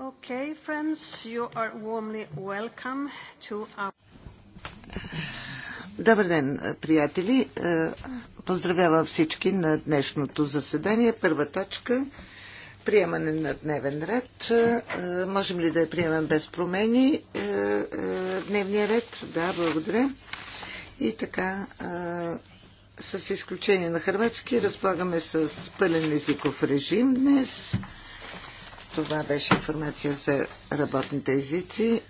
Okay, friends, you are warmly welcome to our... Добър ден, приятели! Е, поздравявам всички на днешното заседание. Първа точка – приемане на дневен ред. Е, можем ли да я приемем без промени? Е, дневния ред? Да, благодаря. И така, с изключение на хрватски, разполагаме с пълен езиков режим днес – това беше информация за работните езици.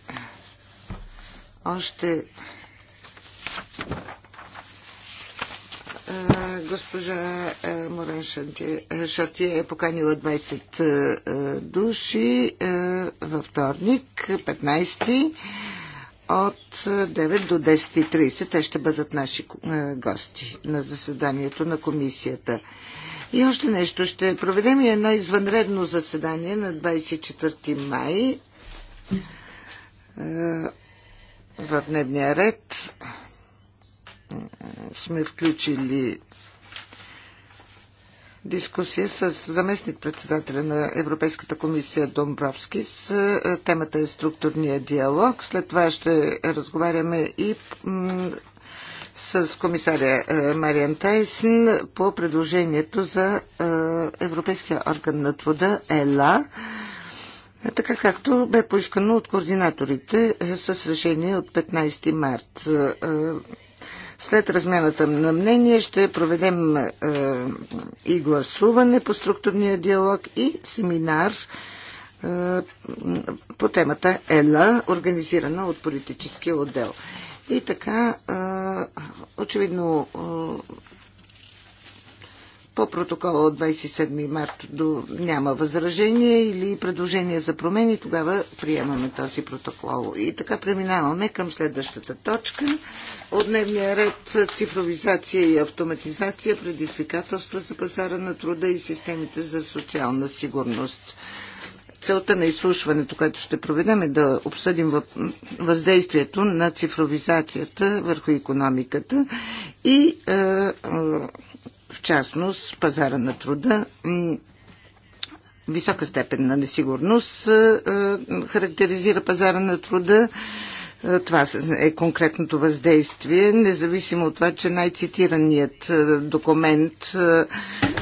Още госпожа Морен Шатия е поканила 20 души във вторник, 15 от 9 до 10.30. Те ще бъдат наши гости на заседанието на комисията. И още нещо. Ще проведем и едно извънредно заседание на 24 май е, в дневния ред сме включили дискусия с заместник-председателя на Европейската комисия Домбровски. С е, темата е структурния диалог. След това ще разговаряме и с комисаря е, Мариан Тайсен по предложението за е, Европейския орган на труда ЕЛА, така както бе поискано от координаторите е, с решение от 15 март. След размяната на мнение ще проведем и гласуване по структурния диалог и семинар по темата ЕЛА, организирана от политическия отдел. И така, очевидно, по протокола от 27 март до няма възражение или предложение за промени, тогава приемаме този протокол. И така преминаваме към следващата точка. От дневния ред цифровизация и автоматизация, предизвикателства за пазара на труда и системите за социална сигурност целта на изслушването, което ще проведем е да обсъдим въздействието на цифровизацията върху економиката и е, е, в частност пазара на труда висока степен на несигурност е, характеризира пазара на труда. Е, това е конкретното въздействие, независимо от това, че най-цитираният е, документ е,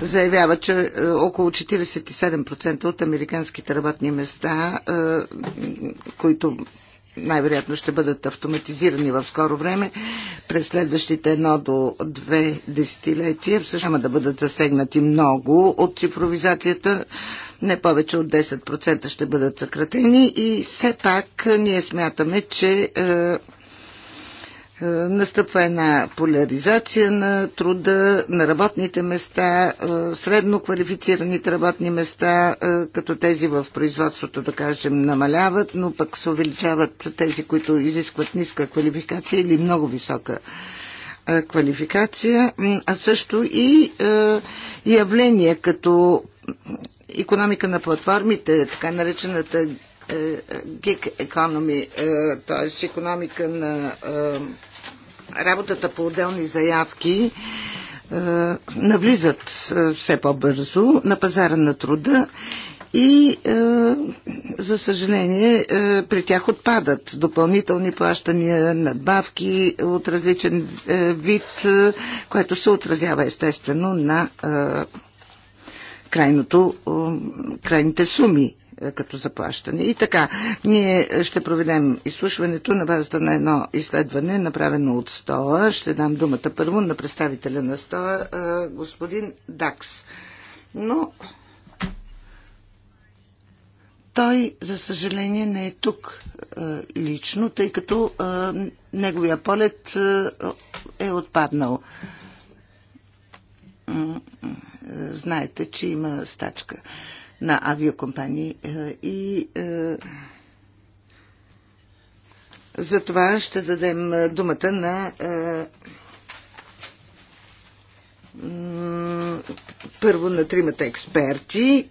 заявява, че около 47% от американските работни места, които най-вероятно ще бъдат автоматизирани в скоро време, през следващите едно до две десетилетия, всъщност няма да бъдат засегнати много от цифровизацията, не повече от 10% ще бъдат съкратени и все пак е, ние смятаме, че е, е, настъпва една поляризация на труда, на работните места, средно квалифицираните работни места, като тези в производството, да кажем, намаляват, но пък се увеличават тези, които изискват ниска квалификация или много висока квалификация, а също и явления като економика на платформите, така наречената гик е, економи, е, т.е. економика на е, работата по отделни заявки, навлизат все по-бързо на пазара на труда и за съжаление при тях отпадат допълнителни плащания, надбавки от различен вид, което се отразява естествено на крайното, крайните суми е, като заплащане. И така, ние ще проведем изслушването на базата на едно изследване, направено от СТОА. Ще дам думата първо на представителя на СТОА, е, господин Дакс. Но той, за съжаление, не е тук е, лично, тъй като неговия полет е отпаднал знаете, че има стачка на авиокомпании е, и е, за това ще дадем е, думата на първо на тримата експерти,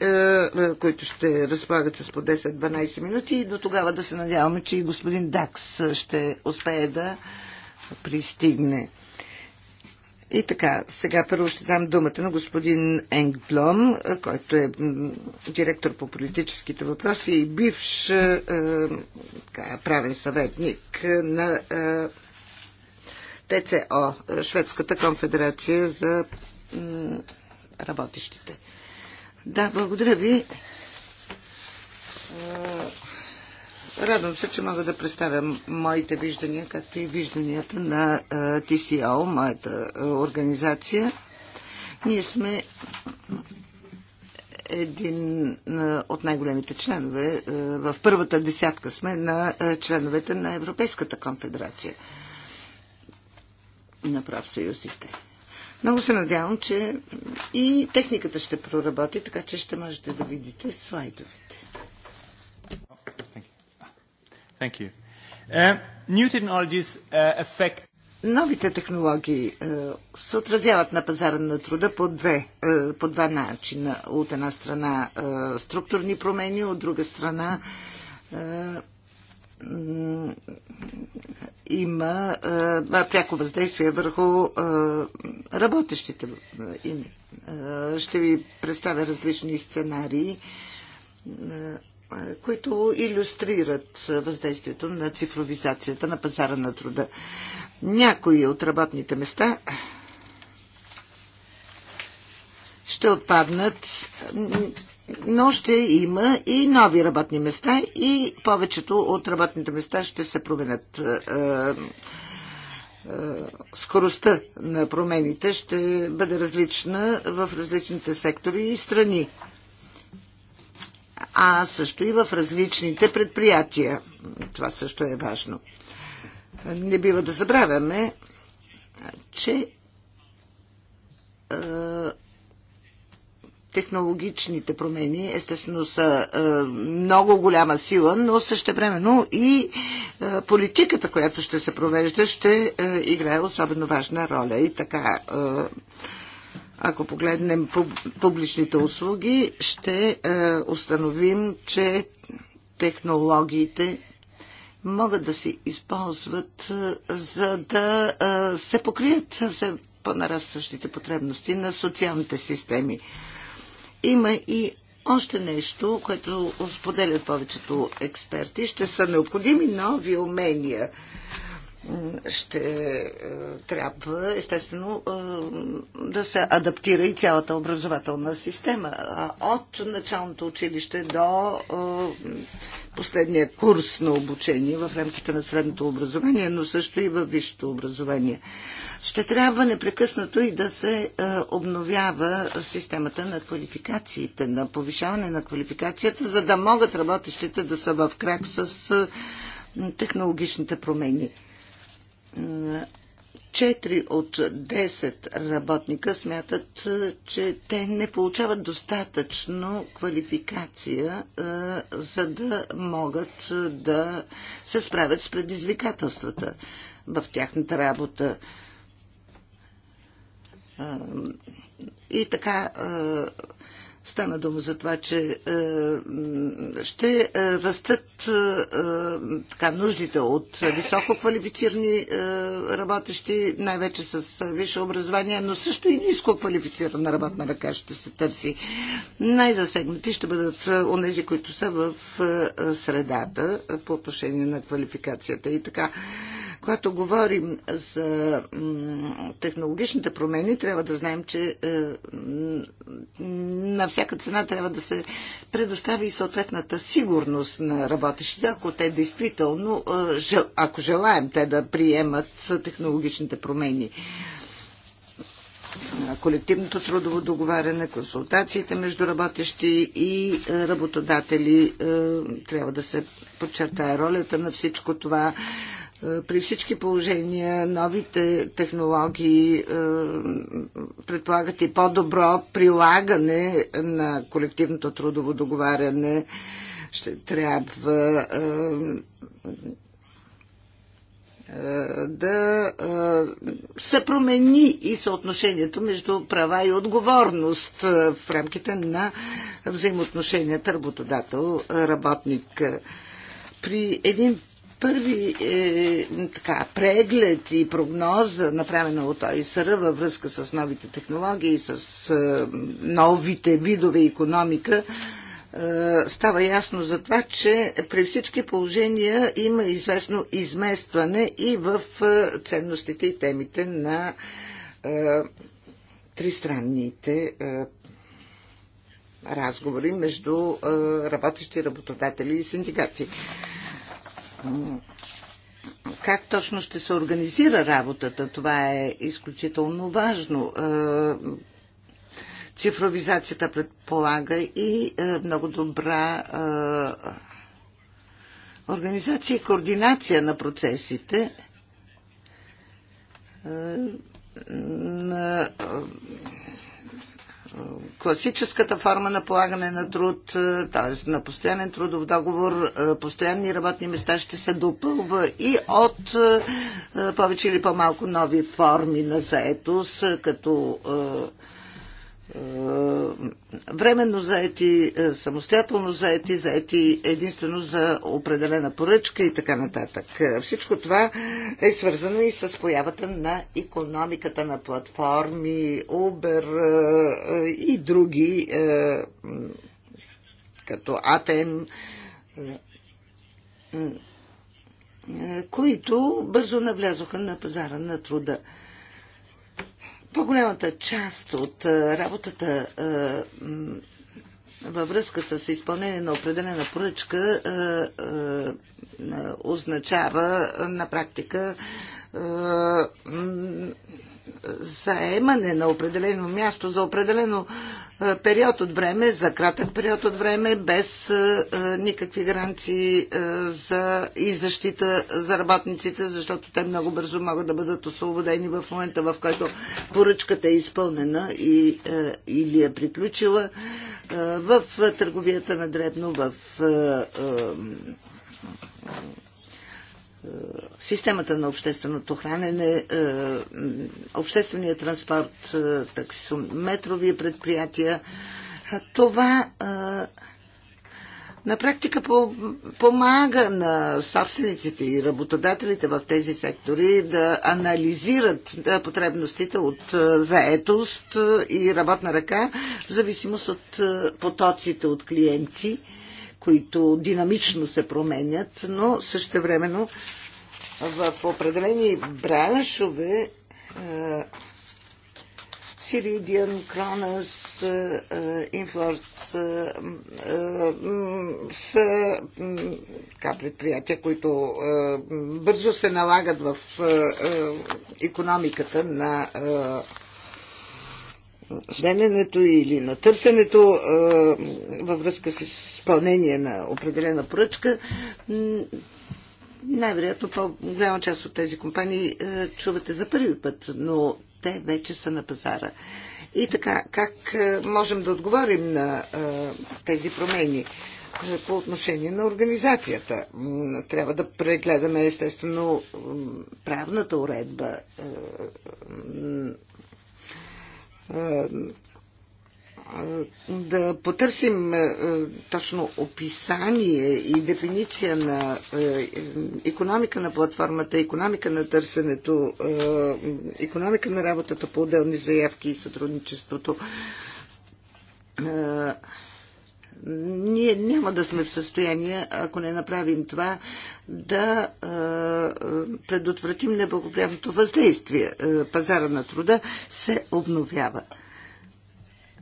които ще разполагат с по 10-12 минути и до тогава да се надяваме, че и господин Дакс ще успее да пристигне. И така, сега първо ще дам думата на господин Енгблом, който е директор по политическите въпроси и бивш е, така, правен съветник на е, ТЦО, Шведската конфедерация за работещите. Да, благодаря ви. Радвам се, че мога да представя моите виждания, както и вижданията на TCO, моята организация. Ние сме един от най-големите членове, в първата десятка сме на членовете на Европейската конфедерация на правсъюзите. Много се надявам, че и техниката ще проработи, така че ще можете да видите слайдовете. Thank you. Uh, new technologies uh, affect Новите технологии е, се отразяват на пазара на труда по, две, е, по два начина. От една страна е, структурни промени, от друга страна има пряко въздействие върху работещите. ще ви представя различни сценарии които иллюстрират въздействието на цифровизацията на пазара на труда. Някои от работните места ще отпаднат, но ще има и нови работни места и повечето от работните места ще се променят. Скоростта на промените ще бъде различна в различните сектори и страни а също и в различните предприятия. Това също е важно. Не бива да забравяме, че технологичните промени, естествено, са е, много голяма сила, но същевременно и е, политиката, която ще се провежда, ще е, играе особено важна роля. И така, е, ако погледнем публичните услуги, ще е, установим, че технологиите могат да се използват, е, за да е, се покрият все по-нарастващите потребности на социалните системи. Има и още нещо, което споделят повечето експерти. Ще са необходими нови умения – ще е, трябва, естествено, е, да се адаптира и цялата образователна система. От началното училище до е, последния курс на обучение в рамките на средното образование, но също и във висшето образование. Ще трябва непрекъснато и да се обновява системата на квалификациите, на повишаване на квалификацията, за да могат работещите да са в крак с технологичните промени. Четири от 10 работника смятат, е, че те не получават достатъчно квалификация, е, за да могат е, да се справят с предизвикателствата в тяхната работа. И така Стана дума за това, че е, ще е, растат е, е, така, нуждите от високо квалифицирани е, работещи, най-вече с висше образование, но също и ниско квалифицирана работна ръка ще се търси. Най-засегнати ще бъдат е, онези, които са в средата по отношение на квалификацията. И така, когато говорим за технологичните промени, трябва да знаем, че е, на всяка цена трябва да се предостави и съответната сигурност на работещите, ако те действително, е, ако желаем те да приемат технологичните промени колективното трудово договаряне, консултациите между работещи и е, работодатели. Трябва да се подчертая ролята на всичко това. Е, при всички положения новите технологии е, предполагат и по-добро прилагане на колективното трудово договаряне. Ще трябва е, да се промени и съотношението между права и отговорност в рамките на взаимоотношенията работодател-работник. При един първи е, така, преглед и прогноза, направена от ОИСР във връзка с новите технологии, и с е, новите видове економика, е, става ясно за това, че при всички положения има известно изместване и в е, ценностите и темите на е, тристранните е, разговори между е, работещи работодатели и синдикати как точно ще се организира работата. Това е изключително важно. Е, цифровизацията предполага и е, много добра е, организация и координация на процесите на класическата форма на полагане на труд, е, т.е. на постоянен трудов договор, е, постоянни работни места ще се допълва и от е, повече или по-малко нови форми на заетост, като е, временно заети, е, самостоятелно заети, заети единствено за определена поръчка и така нататък. Е, всичко това е свързано и с появата на економиката на платформи, Uber и други, като ATM, които бързо навлязоха на пазара на труда. По-голямата част от работата във връзка с изпълнение на определена поръчка означава на практика заемане на определено място за определено е, период от време, за кратък период от време, без е, е, никакви гаранции за и защита за работниците, защото те много бързо могат да бъдат освободени в момента, в който поръчката е изпълнена и, или е приключила в търговията на дребно, в системата на общественото хранене, е, обществения транспорт, е, таксиметрови предприятия. Е, това на практика помага на собствениците и работодателите в тези сектори да анализират потребностите от заетост и работна ръка в зависимост от потоците от клиенти които динамично се променят, но същевременно в определени браншове Сиридиан, Кронас, Инфлорс са така, предприятия, които е, бързо се налагат в економиката е, на е, следенето или на търсенето а, във връзка с изпълнение на определена поръчка, най-вероятно по-голяма част от тези компании а, чувате за първи път, но те вече са на пазара. И така, как можем да отговорим на а, тези промени? По отношение на организацията. Трябва да прегледаме, естествено, правната уредба да потърсим е, точно описание и дефиниция на е, економика на платформата, економика на търсенето, е, економика на работата по отделни заявки и сътрудничеството ние няма да сме в състояние, ако не направим това, да е, предотвратим неблагоприятното въздействие. Е, пазара на труда се обновява.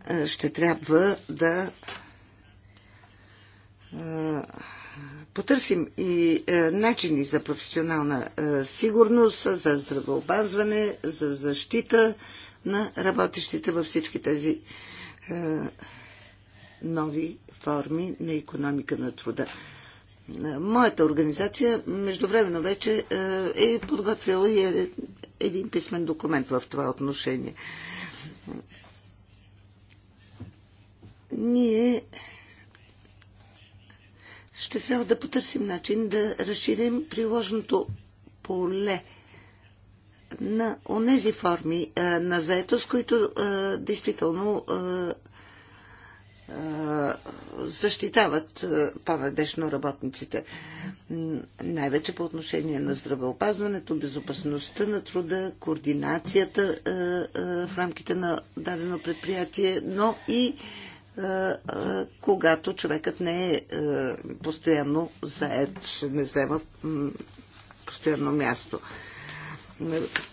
Е, ще трябва да е, потърсим и е, начини за професионална е, сигурност, за здравеобазване, за защита на работещите във всички тези е, нови форми на економика на труда. Моята организация междувременно вече е, е подготвила и е, един писмен документ в това отношение. Ние ще трябва да потърсим начин да разширим приложното поле на онези форми е, на заетост, които действително защитават е, по-надежно работниците. Най-вече по отношение на здравеопазването, безопасността на труда, координацията е, е, в рамките на дадено предприятие, но и когато човекът не е постоянно заед, не взема постоянно място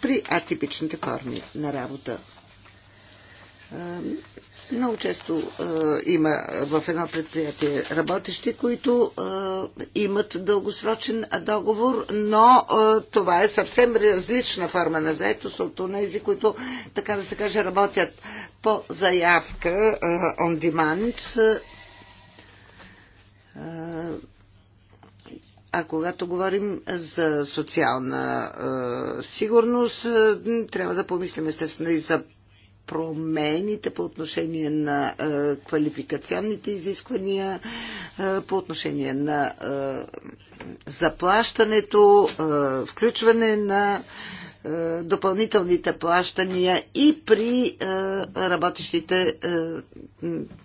при атипичните форми на работа. Много често а, има в едно предприятие работещи, които а, имат дългосрочен договор, но а, това е съвсем различна форма на заетост от тези, които, така да се каже, работят по заявка, а, on demand. А, а когато говорим за социална сигурност, трябва да помислим естествено и за промените по отношение на е, квалификационните изисквания, е, по отношение на е, заплащането, включване на допълнителните плащания и при работещите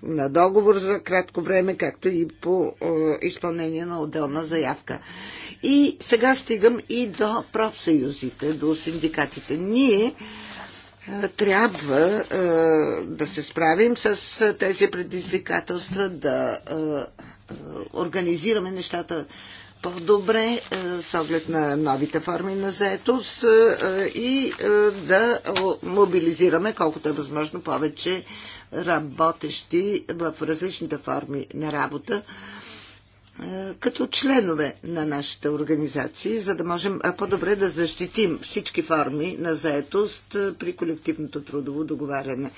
на договор за кратко време, както и по изпълнение на отделна заявка. И сега стигам и до профсъюзите, до синдикатите. Ние е, трябва е, да се справим с е, тези предизвикателства, да организираме нещата по-добре с оглед на новите форми на заетост и да мобилизираме колкото е възможно повече работещи в различните форми на работа е, като членове на нашите организации, за да можем е, по-добре да защитим всички форми на заетост е, при колективното трудово договаряне.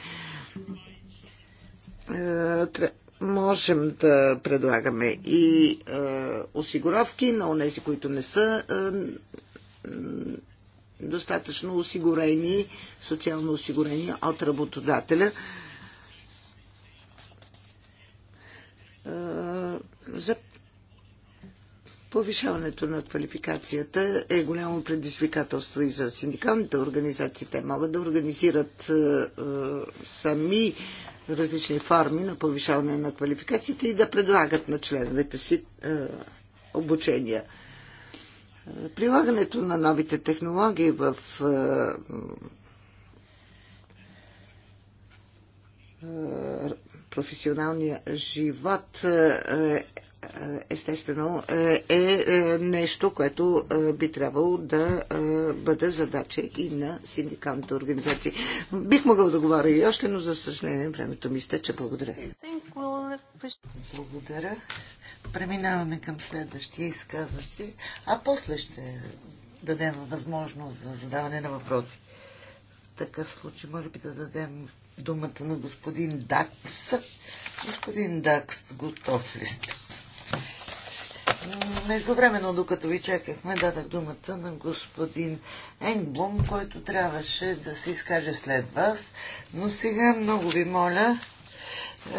Можем да предлагаме и осигуровки на онези, които не са достатъчно осигурени, социално осигурени от работодателя. За Повишаването на квалификацията е голямо предизвикателство и за синдикалните организации. Те могат да организират е, е, сами различни форми на повишаване на квалификацията и да предлагат на членовете си е, обучения. Прилагането на новите технологии в професионалния живот е естествено е, е, е нещо, което е, би трябвало да бъде задача и на синдикалните организации. Бих могъл да говоря и още, но за съжаление времето ми стече. Благодаря. Благодаря. Преминаваме към следващия изказващи, а после ще дадем възможност за задаване на въпроси. В такъв случай може би да дадем думата на господин Дакс. Господин Дакс, готов ли сте? Междувременно, докато ви чакахме, дадах думата на господин Енгблум, който трябваше да се изкаже след вас. Но сега много ви моля е,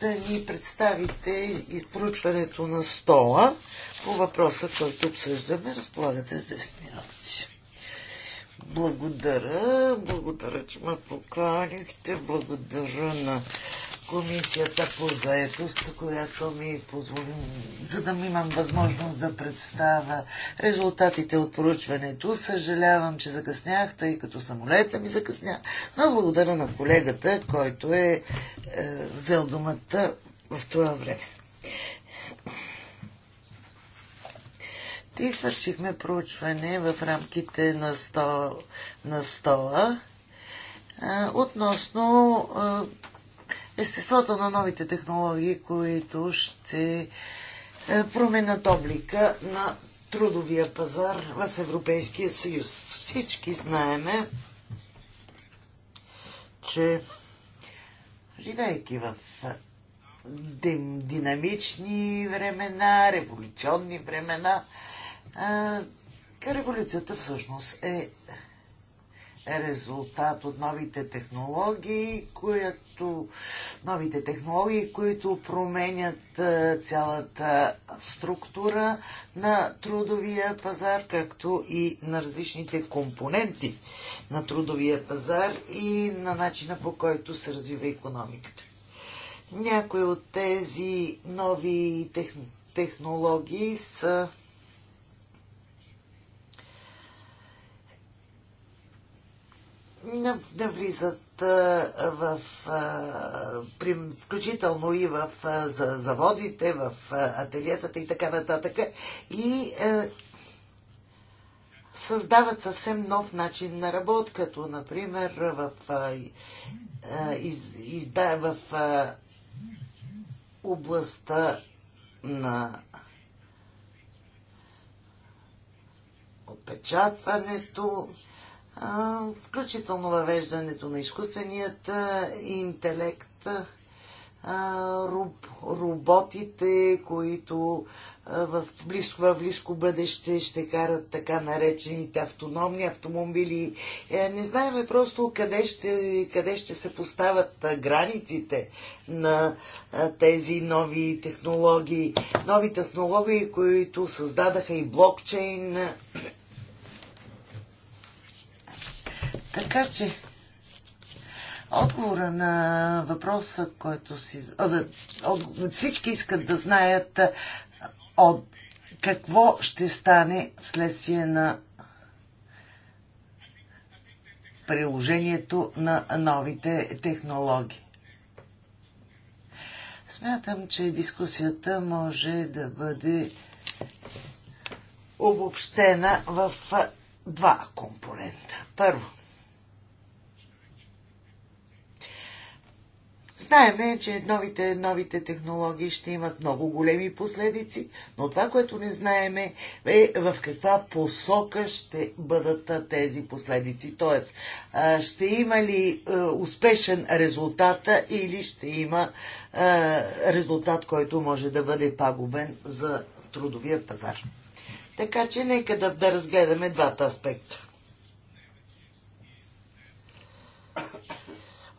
да ни представите изпоручването на стола по въпроса, който обсъждаме. Разполагате с 10 минути. Благодаря, благодаря, че ме поканихте, благодаря на комисията по заетост, която ми позволи, за да имам възможност да представя резултатите от проучването. Съжалявам, че закъснях, тъй като самолета ми закъсня, но благодаря на колегата, който е, е взел думата в това време. И свършихме проучване в рамките на, 100, на стола относно естеството на новите технологии, които ще е, променят облика на трудовия пазар в Европейския съюз. Всички знаеме, че живейки в е, динамични времена, революционни времена, е, революцията всъщност е резултат от новите технологии, които също новите технологии, които променят цялата структура на трудовия пазар, както и на различните компоненти на трудовия пазар и на начина по който се развива економиката. Някои от тези нови технологии са навлизат в, включително и в заводите, в ателиетата и така нататък. И създават съвсем нов начин на работ, като например в, из, в областта на отпечатването, включително въвеждането на изкуственият интелект, роботите, които в близко, в близко бъдеще ще карат така наречените автономни автомобили. Е, не знаеме просто къде ще, къде ще се поставят границите на тези нови технологии. Нови технологии, които създадаха и блокчейн, Така че, отговора на въпроса, който си... От... Всички искат да знаят от какво ще стане вследствие на приложението на новите технологии. Смятам, че дискусията може да бъде обобщена в два компонента. Първо, Знаеме, че новите, новите технологии ще имат много големи последици, но това, което не знаеме е в каква посока ще бъдат тези последици. Тоест, ще има ли успешен резултат или ще има резултат, който може да бъде пагубен за трудовия пазар. Така че нека да, да разгледаме двата аспекта.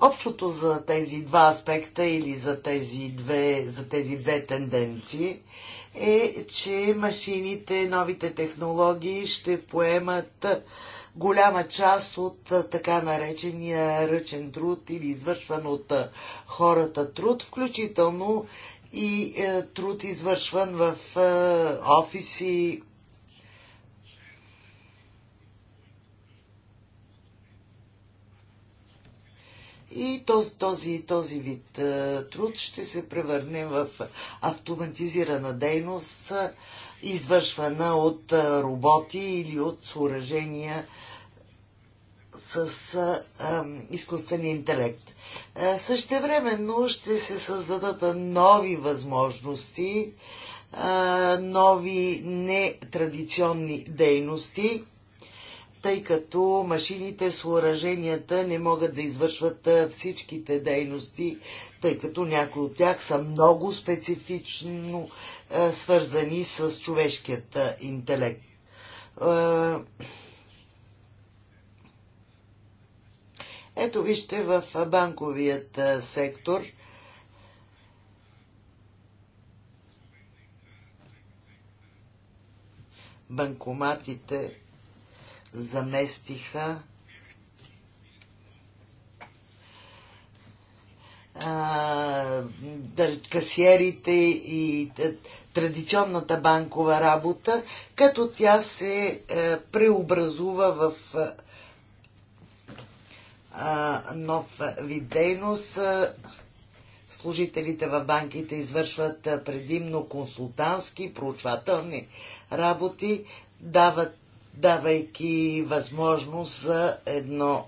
Общото за тези два аспекта или за тези две, за тези две тенденции е, че машините, новите технологии ще поемат голяма част от така наречения ръчен труд или извършван от хората труд, включително и е, труд извършван в офиси, И този, този, този вид е, труд ще се превърне в автоматизирана дейност, е, извършвана от е, роботи или от съоръжения с изкуствен интелект. Същевременно ще се създадат нови възможности, нови нетрадиционни дейности тъй като машините с не могат да извършват всичките дейности, тъй като някои от тях са много специфично свързани с човешкият интелект. Ето вижте в банковият сектор – банкоматите заместиха а, касиерите и традиционната банкова работа, като тя се а, е, преобразува в е, а, нов вид дейност. Служителите в банките извършват предимно консултантски, проучвателни работи, дават давайки възможност за едно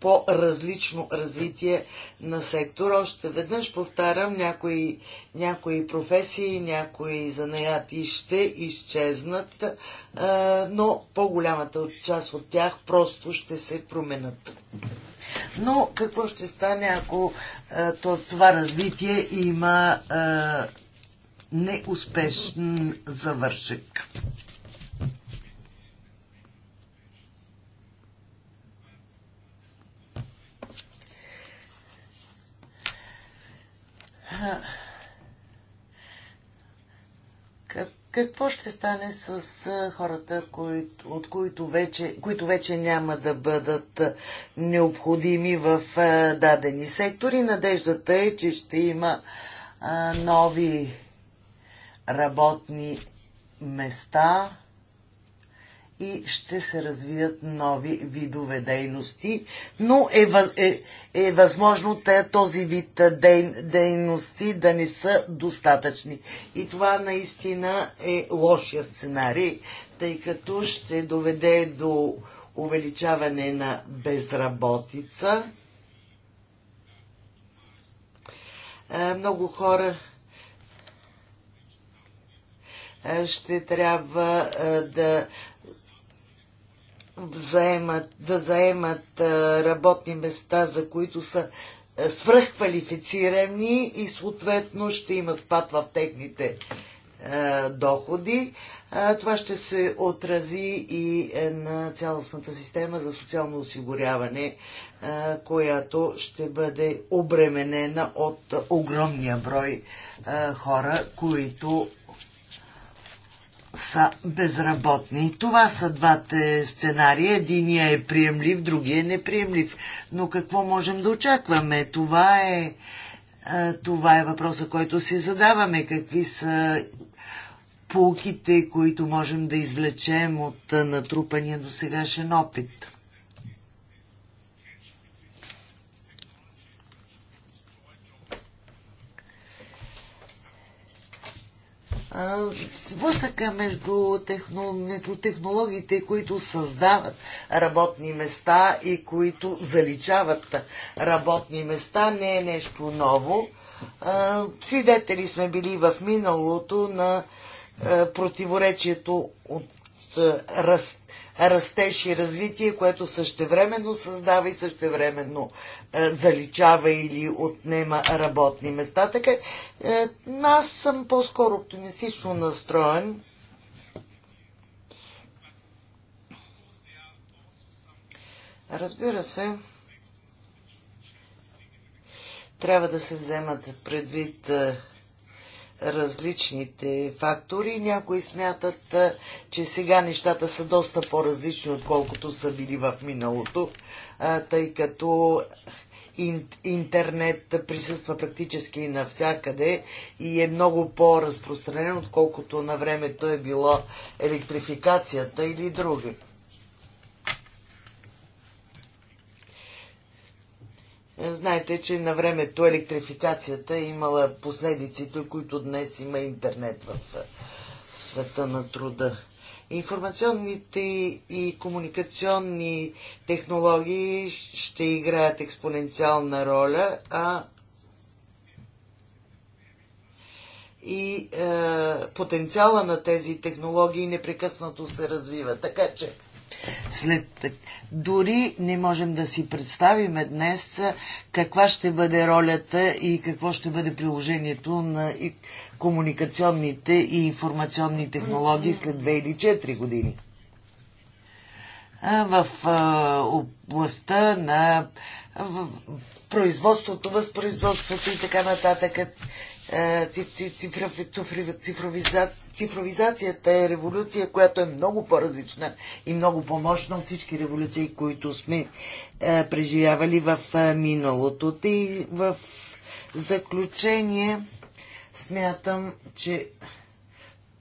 по-различно развитие на сектор. Още веднъж повтарям, някои, някои професии, някои занаяти ще изчезнат, но по-голямата част от тях просто ще се променят. Но какво ще стане, ако това развитие има неуспешен завършек. Какво ще стане с хората, които, от които вече, които вече няма да бъдат необходими в дадени сектори? Надеждата е, че ще има нови работни места и ще се развият нови видове дейности, но е, е, е възможно те, този вид дей, дейности да не са достатъчни. И това наистина е лошия сценарий, тъй като ще доведе до увеличаване на безработица. Е, много хора ще трябва е, да заемат, да е, заемат работни места, за които са е, свръхквалифицирани и съответно ще има спад в техните доходи. Това ще се отрази и на цялостната система за социално осигуряване, която ще бъде обременена от огромния брой хора, които са безработни. Това са двата сценария. Единия е приемлив, другия е неприемлив. Но какво можем да очакваме? Това е, това е въпроса, който си задаваме. Какви са полките, които можем да извлечем от натрупания до сегашен опит? сблъсъка между, техно, между технологиите, които създават работни места и които заличават работни места, не е нещо ново. Свидетели сме били в миналото на противоречието от раз, растеж и развитие, което същевременно създава и същевременно е, заличава или отнема работни места. Така е, аз съм по-скоро оптимистично настроен. Разбира се, трябва да се вземат предвид е, различните фактори. Някои смятат, че сега нещата са доста по-различни, отколкото са били в миналото, тъй като интернет присъства практически навсякъде и е много по-разпространен, отколкото на времето е било електрификацията или други. Е, знаете, че на времето електрификацията е имала последиците, които днес има интернет в е, света на труда. Информационните и комуникационни технологии ще играят експоненциална роля, а и е, потенциала на тези технологии непрекъснато се развива. Така че след, дори не можем да си представим днес каква ще бъде ролята и какво ще бъде приложението на комуникационните и информационни технологии след 2 или 4 години. В областта на производството, възпроизводството и така нататък, цифровизат, цифровизацията е революция, която е много по-различна и много по-мощна от всички революции, които сме е, преживявали в е, миналото. И в заключение смятам, че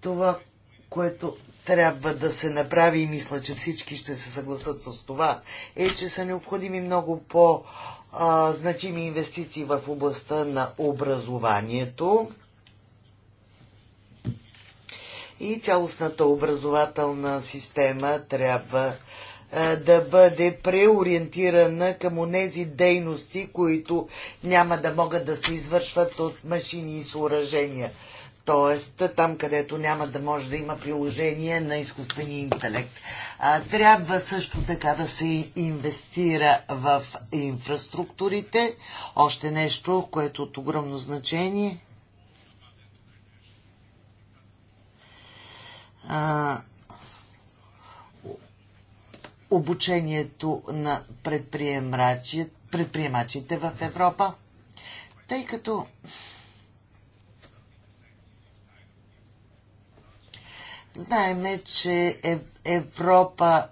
това, което трябва да се направи и мисля, че всички ще се съгласат с това, е, че са необходими много по- значими инвестиции в областта на образованието и цялостната образователна система трябва е, да бъде преориентирана към онези дейности, които няма да могат да се извършват от машини и съоръжения. Тоест, там където няма да може да има приложение на изкуствения интелект. трябва също така да се инвестира в инфраструктурите. Още нещо, което е от огромно значение – а, обучението на предприемачите в Европа, тъй като знаеме, че Европа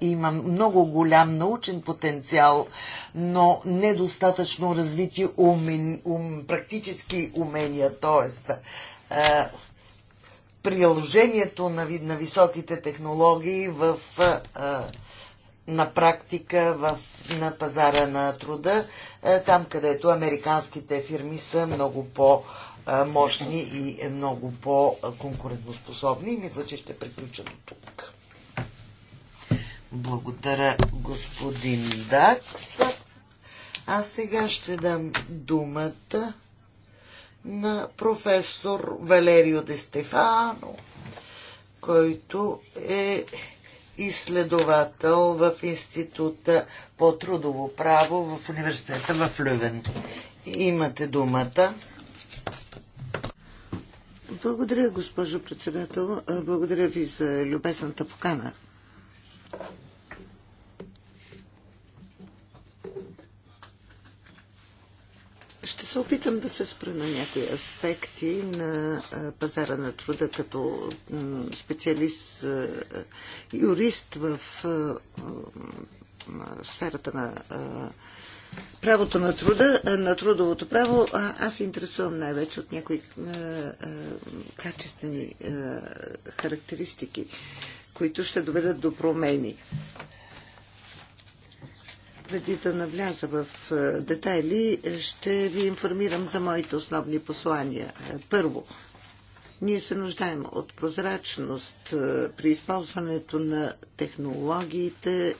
има много голям научен потенциал, но недостатъчно развити ум, ум, практически умения, т.е приложението на, на високите технологии в, а, на практика в, на пазара на труда, а, там където американските фирми са много по- мощни и много по-конкурентоспособни. Мисля, че ще приключа до тук. Благодаря, господин Дакс. А сега ще дам думата на професор Валерио де Стефано, който е изследовател в Института по трудово право в университета в Лювен. Имате думата. Благодаря, госпожо председател. Благодаря ви за любезната покана. Ще се опитам да се спра на някои аспекти на пазара на труда като специалист, юрист в сферата на правото на труда, на трудовото право. Аз се интересувам най-вече от някои качествени характеристики, които ще доведат до промени преди да навляза в е, детайли, ще ви информирам за моите основни послания. Е, първо, ние се нуждаем от прозрачност е, при използването на технологиите.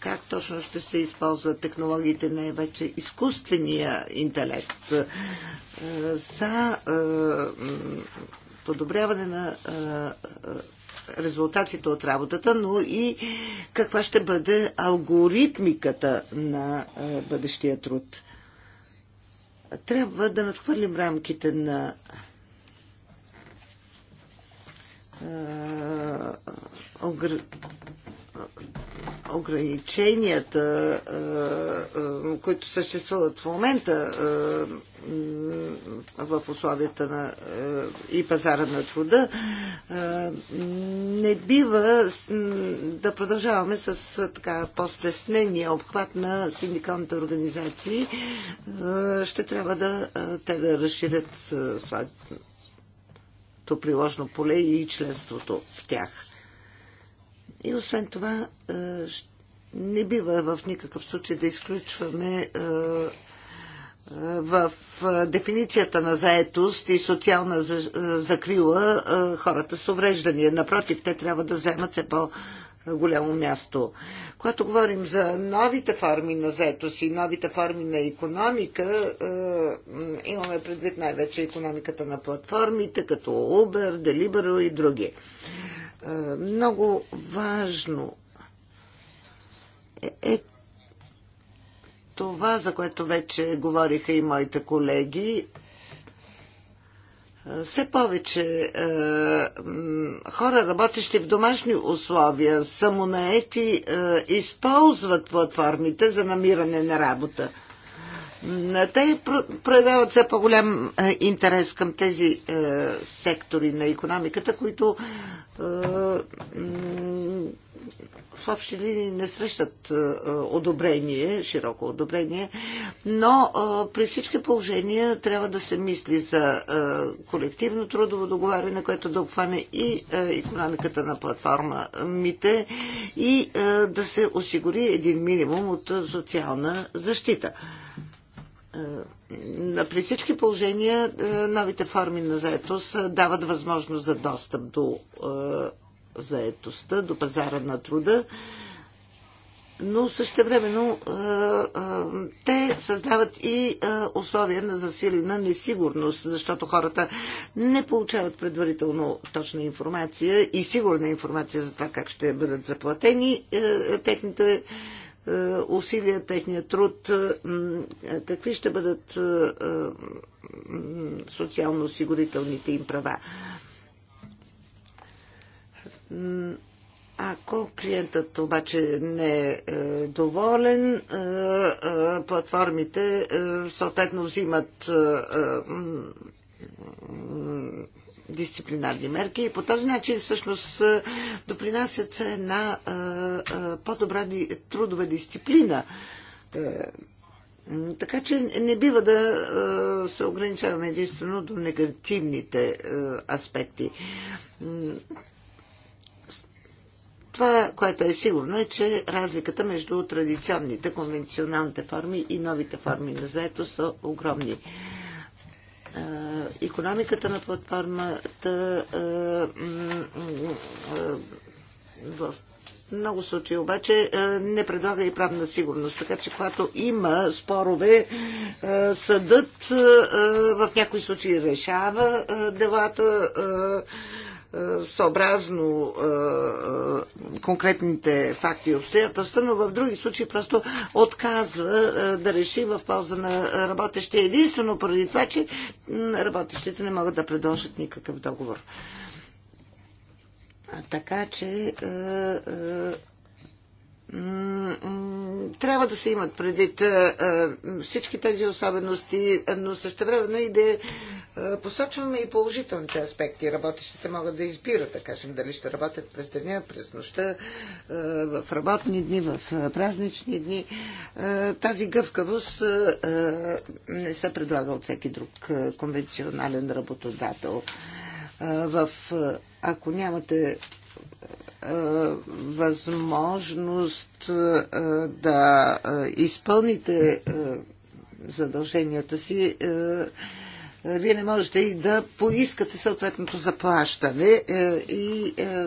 Как точно ще се използват технологиите, най-вече изкуствения интелект, за подобряване на резултатите от работата, но и каква ще бъде алгоритмиката на бъдещия труд. Трябва да надхвърлим рамките на ограниченията, които съществуват в момента в условията на и пазара на труда, не бива да продължаваме с така по-стеснения обхват на синдикалните организации. Ще трябва да те да разширят своето приложно поле и членството в тях. И освен това, е, не бива в никакъв случай да изключваме е, е, в дефиницията на заетост и социална закрила хората с увреждания. Напротив, те трябва да вземат все по- голямо място. Когато говорим за новите форми на заетост и новите форми на економика, имаме предвид най-вече економиката на платформите, като Uber, Deliveroo и други. Е, много важно е, е това, за което вече говориха и моите колеги. Е, все повече е, хора, работещи в домашни условия, самонаети, е, използват платформите за намиране на работа. Те проявяват все по-голям е, интерес към тези е, сектори на економиката, които е, в общи линии не срещат е, одобрение, широко одобрение, но е, при всички положения трябва да се мисли за е, колективно трудово договаряне, което да обхване и е, економиката на платформа МИТЕ и е, да се осигури един минимум от е, социална защита. Е, при всички положения е, новите форми на заетост е, дават възможност за достъп до заетостта, до пазара на труда, но времено те създават и условия на засилена несигурност, защото хората не получават предварително точна информация и сигурна информация за това как ще бъдат заплатени техните е, усилия, техния труд, е, какви ще бъдат е, социално-осигурителните им права. Ако клиентът обаче не е доволен, платформите съответно взимат дисциплинарни мерки и по този начин всъщност допринасят се на по-добра трудова дисциплина. Е, така че не бива да се ограничаваме единствено до негативните аспекти. Това, което е сигурно, е, че разликата между традиционните, конвенционалните форми и новите форми на заето са огромни економиката на платформата в много случаи обаче не предлага и правна сигурност. Така че, когато има спорове, съдът в някои случаи решава делата съобразно е, е, конкретните факти и обстоятелства, но в други случаи просто отказва е, да реши в полза на работещите. Единствено поради това, че работещите не могат да предложат никакъв договор. Така че трябва да се имат предвид всички тези особености, но също време и да е, посочваме и положителните аспекти. Работещите могат да избират, да кажем, дали ще работят през деня, през нощта, е, в работни дни, в е, празнични дни. Тази гъвкавост не се предлага от всеки друг конвенционален работодател. В, ако нямате възможност да изпълните задълженията си, вие не можете и да поискате съответното заплащане е, и е,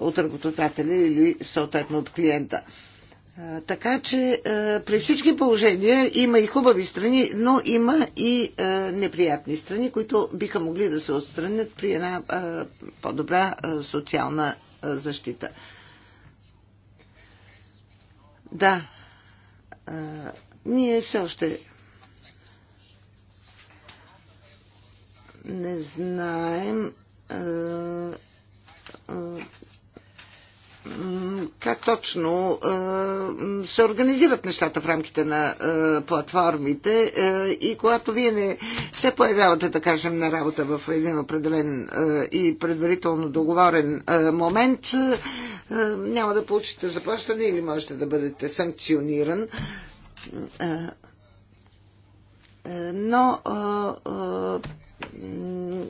от работодателя или съответно от клиента. Така че е, при всички положения има и хубави страни, но има и неприятни страни, които биха могли да се отстранят при една по-добра социална защита. Да, ние все още не знаем как точно се организират нещата в рамките на платформите и когато вие не се появявате, да кажем, на работа в един определен и предварително договорен момент, няма да получите заплащане или можете да бъдете санкциониран. Но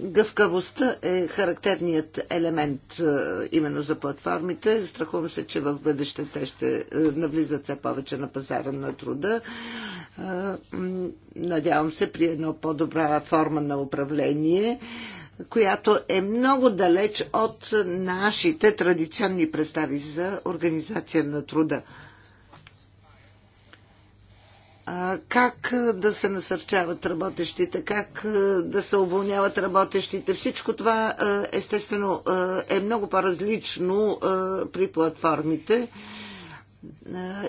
гъвкавостта е характерният елемент е, именно за платформите. Страхувам се, че в бъдеще те ще е, навлизат все повече на пазара на труда. Е, надявам се при едно по-добра форма на управление която е много далеч от нашите традиционни представи за организация на труда как да се насърчават работещите, как да се уволняват работещите. Всичко това естествено е много по-различно при платформите.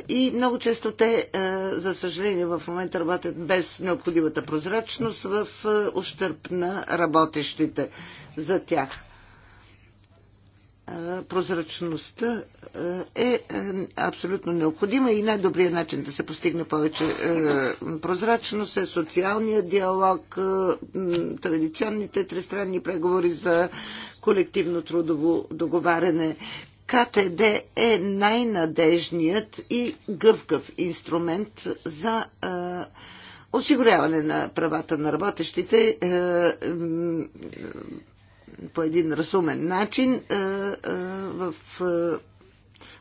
И много често те, за съжаление, в момента работят без необходимата прозрачност в ущърп на работещите за тях прозрачността е абсолютно необходима и най-добрият начин да се постигне повече прозрачност е социалният диалог, традиционните тристранни преговори за колективно трудово договаряне. КТД е най-надежният и гъвкав инструмент за осигуряване на правата на работещите по един разумен начин е, е, в е,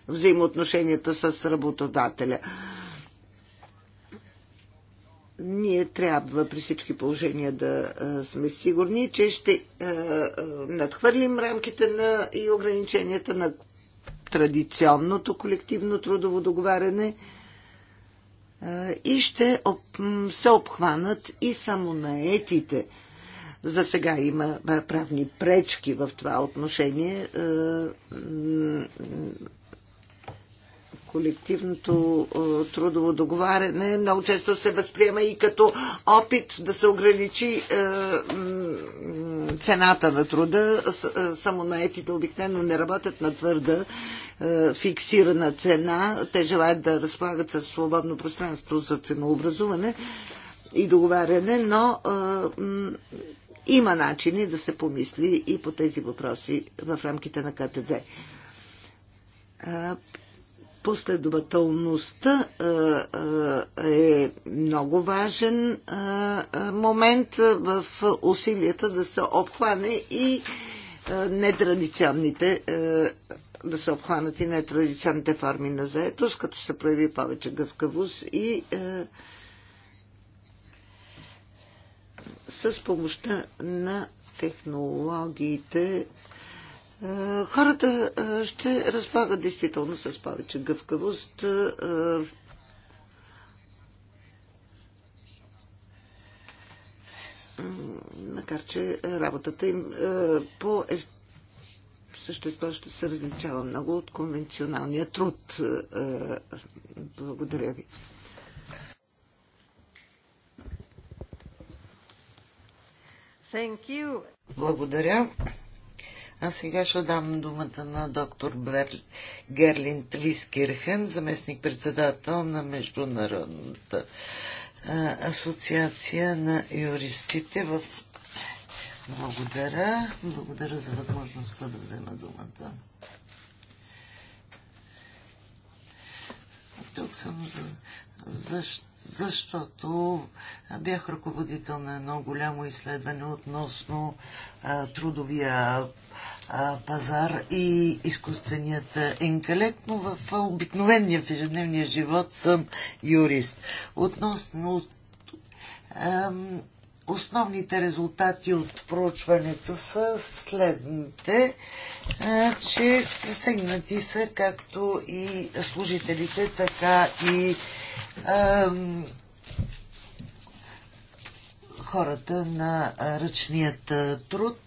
взаимоотношенията с работодателя. Ние трябва при всички положения да сме сигурни, че ще надхвърлим рамките на и ограниченията на традиционното колективно трудово договаряне и ще се обхванат и само за сега има правни пречки в това отношение. Колективното трудово договаряне много често се възприема и като опит да се ограничи цената на труда. Само наетите обикновено не работят на твърда фиксирана цена. Те желаят да разполагат със свободно пространство за ценообразуване и договаряне, но има начини да се помисли и по тези въпроси в рамките на КТД. Последователността е много важен момент в усилията да се обхване и нетрадиционните да се обхванат и нетрадиционните форми на заетост, като се прояви повече гъвкавост и е, с помощта на технологиите е, хората е, ще разполагат действително с повече гъвкавост. Е, макар, че работата им по същество ще се различава много от конвенционалния труд. Благодаря ви. Thank you. Благодаря. А сега ще дам думата на доктор Бер... Герлин Твискирхен, заместник-председател на Международната асоциация на юристите в благодаря. Благодаря за възможността да взема думата. Тук съм за защото бях ръководител на едно голямо изследване относно трудовия пазар и изкуственият интелект, но в обикновения в ежедневния живот съм юрист. Относно основните резултати от проучването са следните, че стегнати са както и служителите, така и ам, хората на ръчният труд,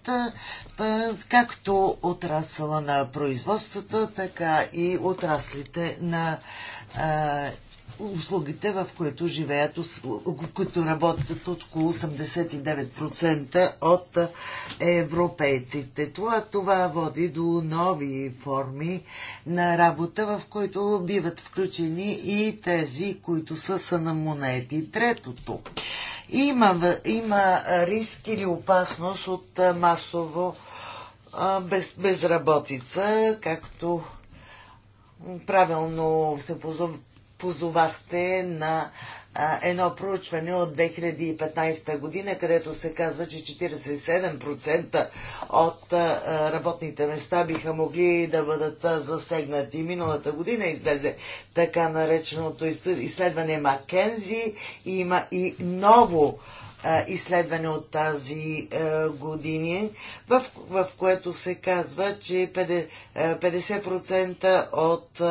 както отрасъла на производството, така и отраслите на а, услугите, в които живеят, които работят около 89% от европейците. Това, това води до нови форми на работа, в които биват включени и тези, които са монети. Третото. Има, има риск или опасност от масово без, безработица, както правилно се позовахте на едно проучване от 2015 година, където се казва, че 47% от работните места биха могли да бъдат засегнати. Миналата година излезе така нареченото изследване Маккензи и има и ново изследване от тази години, в, в което се казва, че 50% от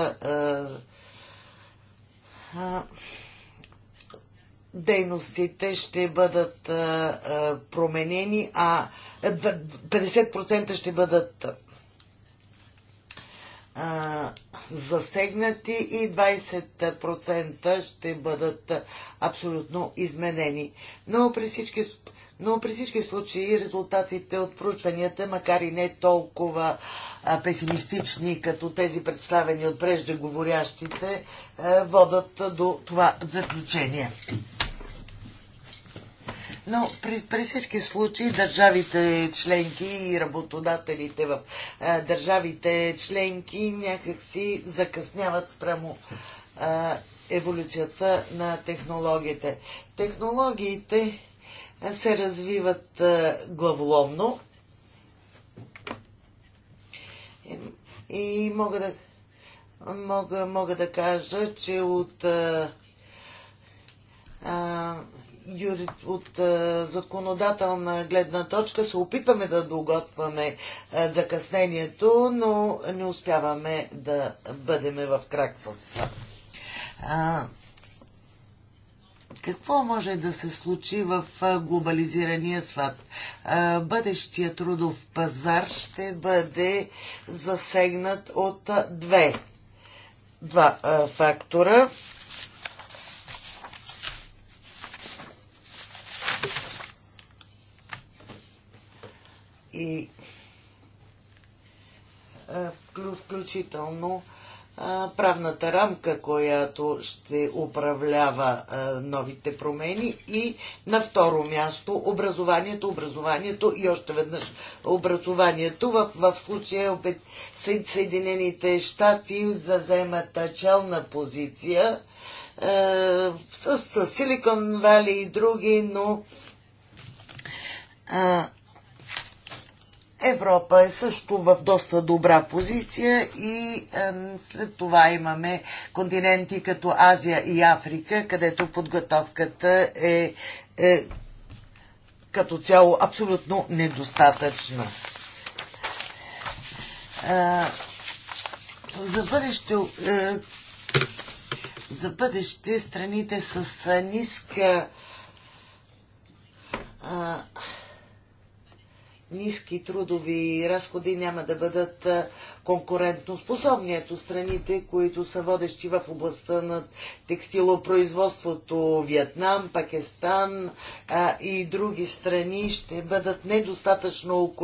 дейностите ще бъдат променени, а 50% ще бъдат засегнати и 20% ще бъдат абсолютно изменени. Но при всички но при всички случаи резултатите от проучванията, макар и не толкова песимистични, като тези представени от преждеговорящите, водат до това заключение. Но при, при всички случаи държавите членки и работодателите в а, държавите членки някакси закъсняват спрямо еволюцията на технологиите. Технологиите се развиват главоломно. И, мога да мога, мога да кажа, че от, а, юри, от а, законодателна гледна точка се опитваме да доготвяме а, закъснението, но не успяваме да бъдем в крак с а, какво може да се случи в глобализирания свят? Бъдещия трудов пазар ще бъде засегнат от две два фактора. И включително правната рамка, която ще управлява новите промени и на второ място образованието, образованието и още веднъж образованието. В, в случая Съединените щати заземат челна позиция с, Силикон Вали и други, но Европа е също в доста добра позиция и е, след това имаме континенти като Азия и Африка, където подготовката е, е като цяло абсолютно недостатъчна. Е, за бъдеще е, за бъдеще страните с ниска ниски трудови разходи няма да бъдат конкурентно способни. Ето страните, които са водещи в областта на текстилопроизводството Виетнам, Пакистан а, и други страни ще бъдат недостатъчно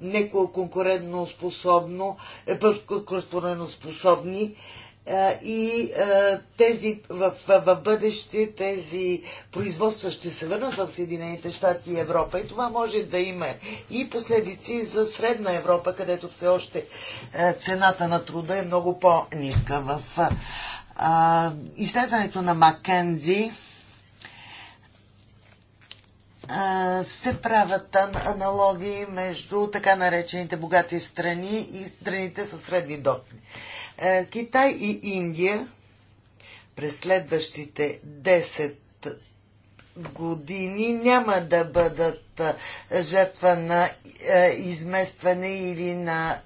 неконкурентно способно, е, способни и тези в, в, в бъдеще тези производства ще се върнат в Съединените щати и Европа. И това може да има и последици за Средна Европа, където все още цената на труда е много по-ниска. В а, изследването на Маккензи се правят аналогии между така наречените богати страни и страните със средни доходи. Е, Китай и Индия през следващите 10 години няма да бъдат е, жертва на е, изместване или на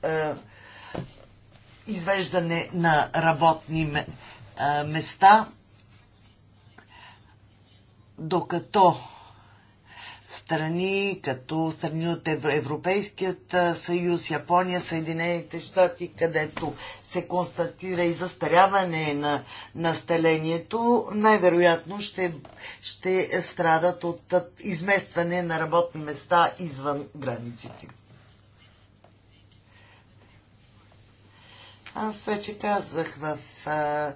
извеждане на работни места, докато страни, като страни от Европейският съюз, Япония, Съединените щати, където се констатира и застаряване на населението, най-вероятно ще, ще страдат от изместване на работни места извън границите. Аз вече казах в а,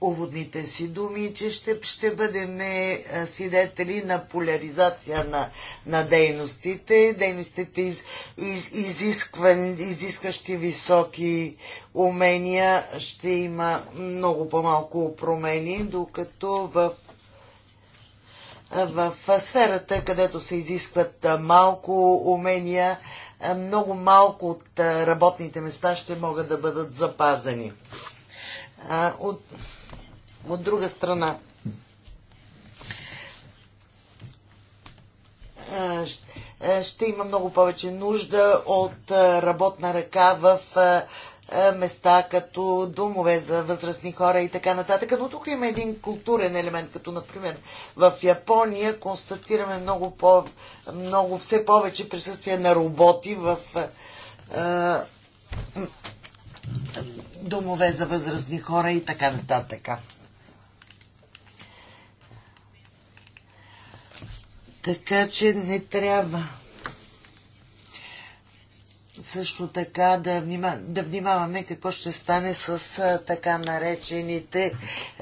уводните си думи, че ще, ще бъдем е, свидетели на поляризация на, на дейностите, дейностите из, из, изискван, изискащи високи умения, ще има много по-малко промени, докато в в сферата, където се изискват малко умения, много малко от работните места ще могат да бъдат запазени. От от друга страна, ще има много повече нужда от работна ръка в места като домове за възрастни хора и така нататък. Но тук има един културен елемент, като например в Япония констатираме много, по, много все повече присъствие на роботи в а, домове за възрастни хора и така нататък. Така че не трябва също така да, внима, да внимаваме какво ще стане с а, така наречените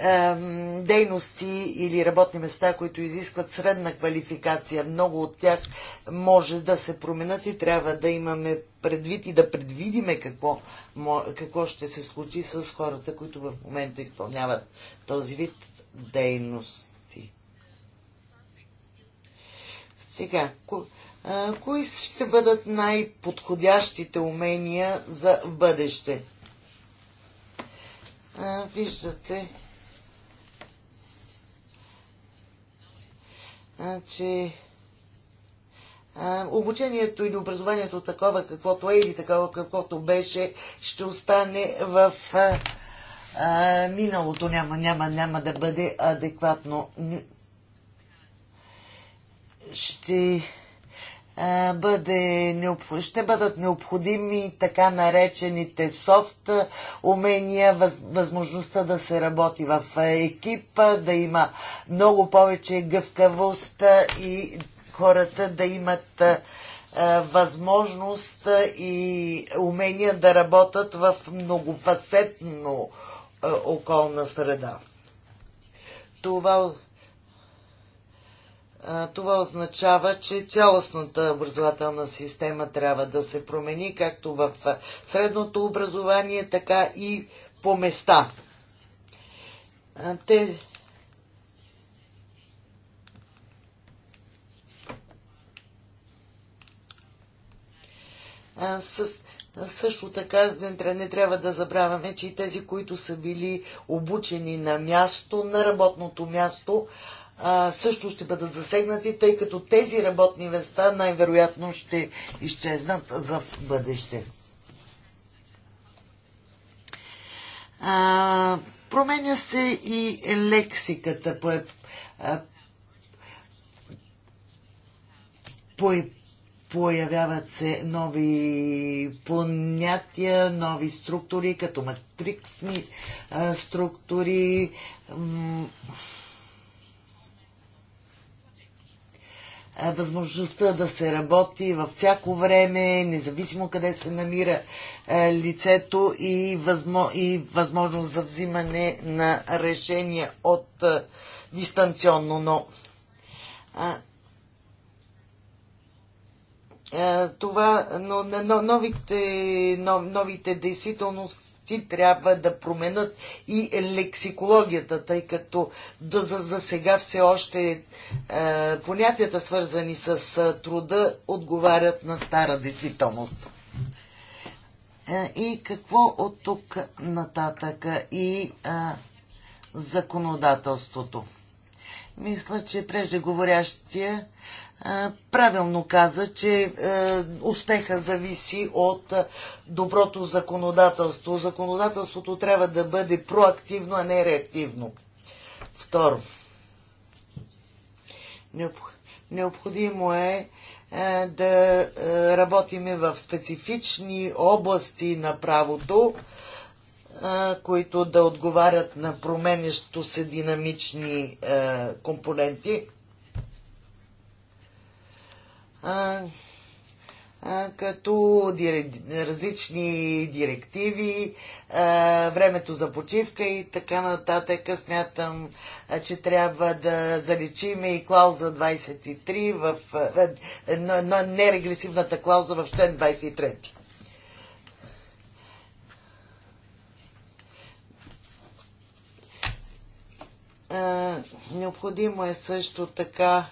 а, дейности или работни места, които изискват средна квалификация. Много от тях може да се променят и трябва да имаме предвид и да предвидиме какво, какво ще се случи с хората, които в момента изпълняват този вид дейност. Сега, ко, а, кои ще бъдат най-подходящите умения за бъдеще? А, виждате, а, че обучението или образованието такова, каквото е или такова, каквото беше, ще остане в а, а, миналото. Няма, няма, няма да бъде адекватно ще бъде, ще бъдат необходими така наречените софт умения, възможността да се работи в екипа, да има много повече гъвкавост и хората да имат възможност и умения да работят в многофасетно околна среда. Това това означава, че цялостната образователна система трябва да се промени, както в средното образование, така и по места. Те също така не трябва да забравяме, че и тези, които са били обучени на място, на работното място, а, също ще бъдат засегнати, тъй като тези работни места най-вероятно ще изчезнат за в бъдеще. А, променя се и лексиката по, а, по, появяват се нови понятия, нови структури, като матриксни а, структури. М- Е, възможността да се работи във всяко време, независимо къде се намира е, лицето и, възмо, и възможност за взимане на решения от е, дистанционно. Но това, но, но новите, но, новите действителност ти трябва да променят и лексикологията, тъй като да, за, за сега все още е, понятията, свързани с е, труда, отговарят на стара действителност. Е, и какво от тук нататък и е, законодателството? Мисля, че преждеговорящия правилно каза, че е, успеха зависи от е, доброто законодателство. Законодателството трябва да бъде проактивно, а не реактивно. Второ, необходимо е, е да работиме в специфични области на правото, които да отговарят на променящо се динамични компоненти а, а, като различни директиви, а, времето за почивка и така нататък. Смятам, а, че трябва да заличим и клауза 23 в а, но, на нерегресивната клауза в член 23. необходимо е също така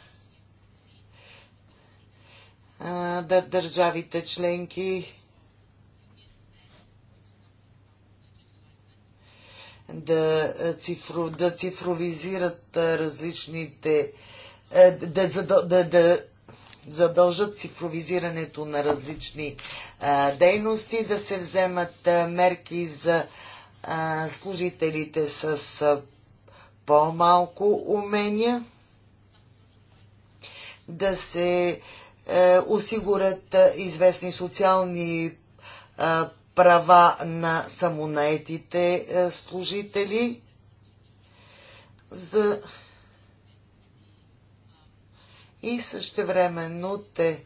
да държавите членки да, цифро, да цифровизират различните да, да, да задължат цифровизирането на различни а, дейности, да се вземат а, мерки за а, служителите с по-малко умения, да се а, е, осигурят е, известни социални е, права на самонаетите служители за и същевременно те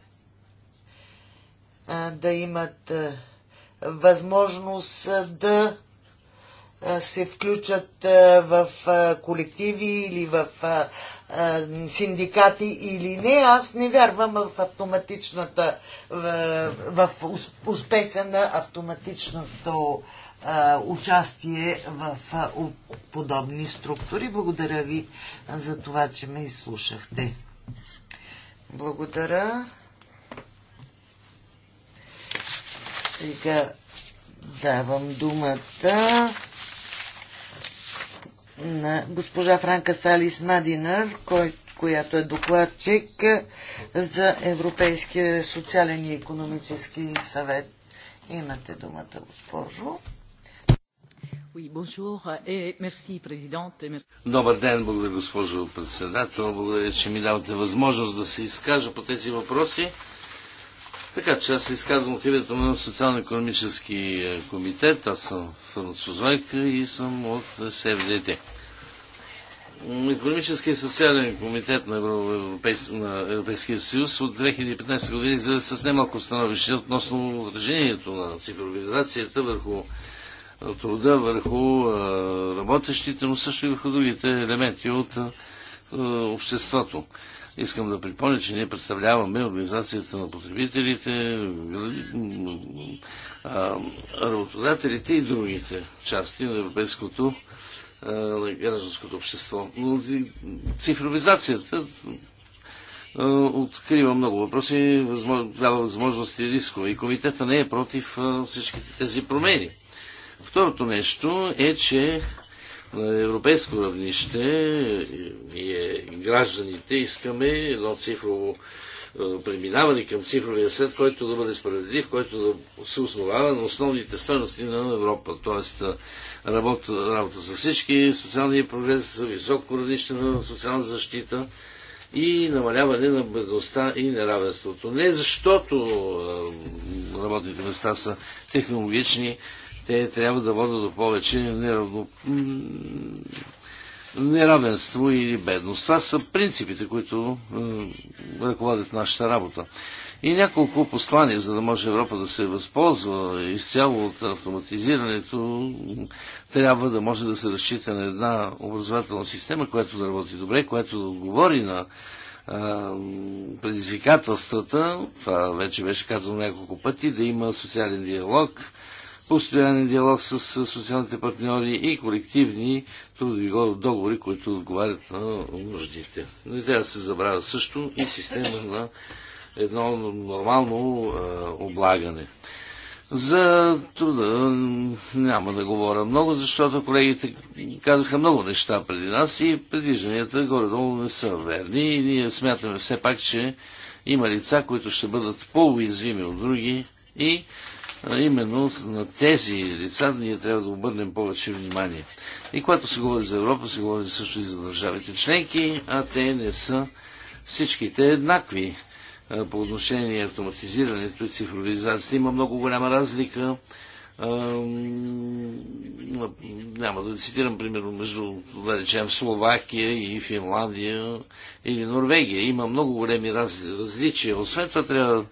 да имат възможност да се включат в колективи или в синдикати или не, аз не вярвам в автоматичната, в, в успеха на автоматичното а, участие в а, подобни структури. Благодаря ви за това, че ме изслушахте. Благодаря. Сега давам думата на госпожа Франка Салис Мадинър, кой, която е докладчик за Европейския социален и економически съвет. Имате думата, госпожо. Euh, Добър ден, благодаря госпожо председател. Благодаря, че ми давате възможност да се изкажа по тези въпроси. Така че аз се изказвам от името на Социално-економически е, комитет. Аз съм французойка и съм от е, СВДТ. Економическия и социален комитет на, Европейс... на Европейския съюз от 2015 година излезе с немалко становище относно отражението на цифровизацията върху е, труда, върху работещите, но също и върху другите елементи от обществото. Искам да припомня, че ние представляваме Организацията на потребителите, работодателите и другите части на европейското на гражданското общество. Цифровизацията открива много въпроси, дава възможности и рискове. И комитета не е против всичките тези промени. Второто нещо е, че на европейско равнище ние, гражданите, искаме едно цифрово е, преминаване към цифровия свет, който да бъде справедлив, който да се основава на основните стоености на Европа. Тоест е, работа, работа за всички, социалния прогрес, високо равнище на социална защита и намаляване на бедността и неравенството. Не защото е, работните места са технологични, те трябва да водят до повече неравно... неравенство или бедност. Това са принципите, които ръководят нашата работа. И няколко послания, за да може Европа да се възползва изцяло от автоматизирането, трябва да може да се разчита на една образователна система, която да работи добре, която да отговори на предизвикателствата, това вече беше казано няколко пъти, да има социален диалог, постоянен диалог с социалните партньори и колективни трудови договори, които отговарят на нуждите. Но и трябва да се забравя също и система на едно нормално а, облагане. За труда няма да говоря много, защото колегите казаха много неща преди нас и предвижданията горе-долу не са верни и ние смятаме все пак, че има лица, които ще бъдат по-уязвими от други и а именно на тези лица ние трябва да обърнем повече внимание. И когато се говори за Европа, се говори също и за държавите членки, а те не са всичките еднакви по отношение автоматизирането и цифровизацията. Има много голяма разлика. Няма да цитирам, примерно, между, да речем, Словакия и Финландия или Норвегия. Има много големи различия. Освен това трябва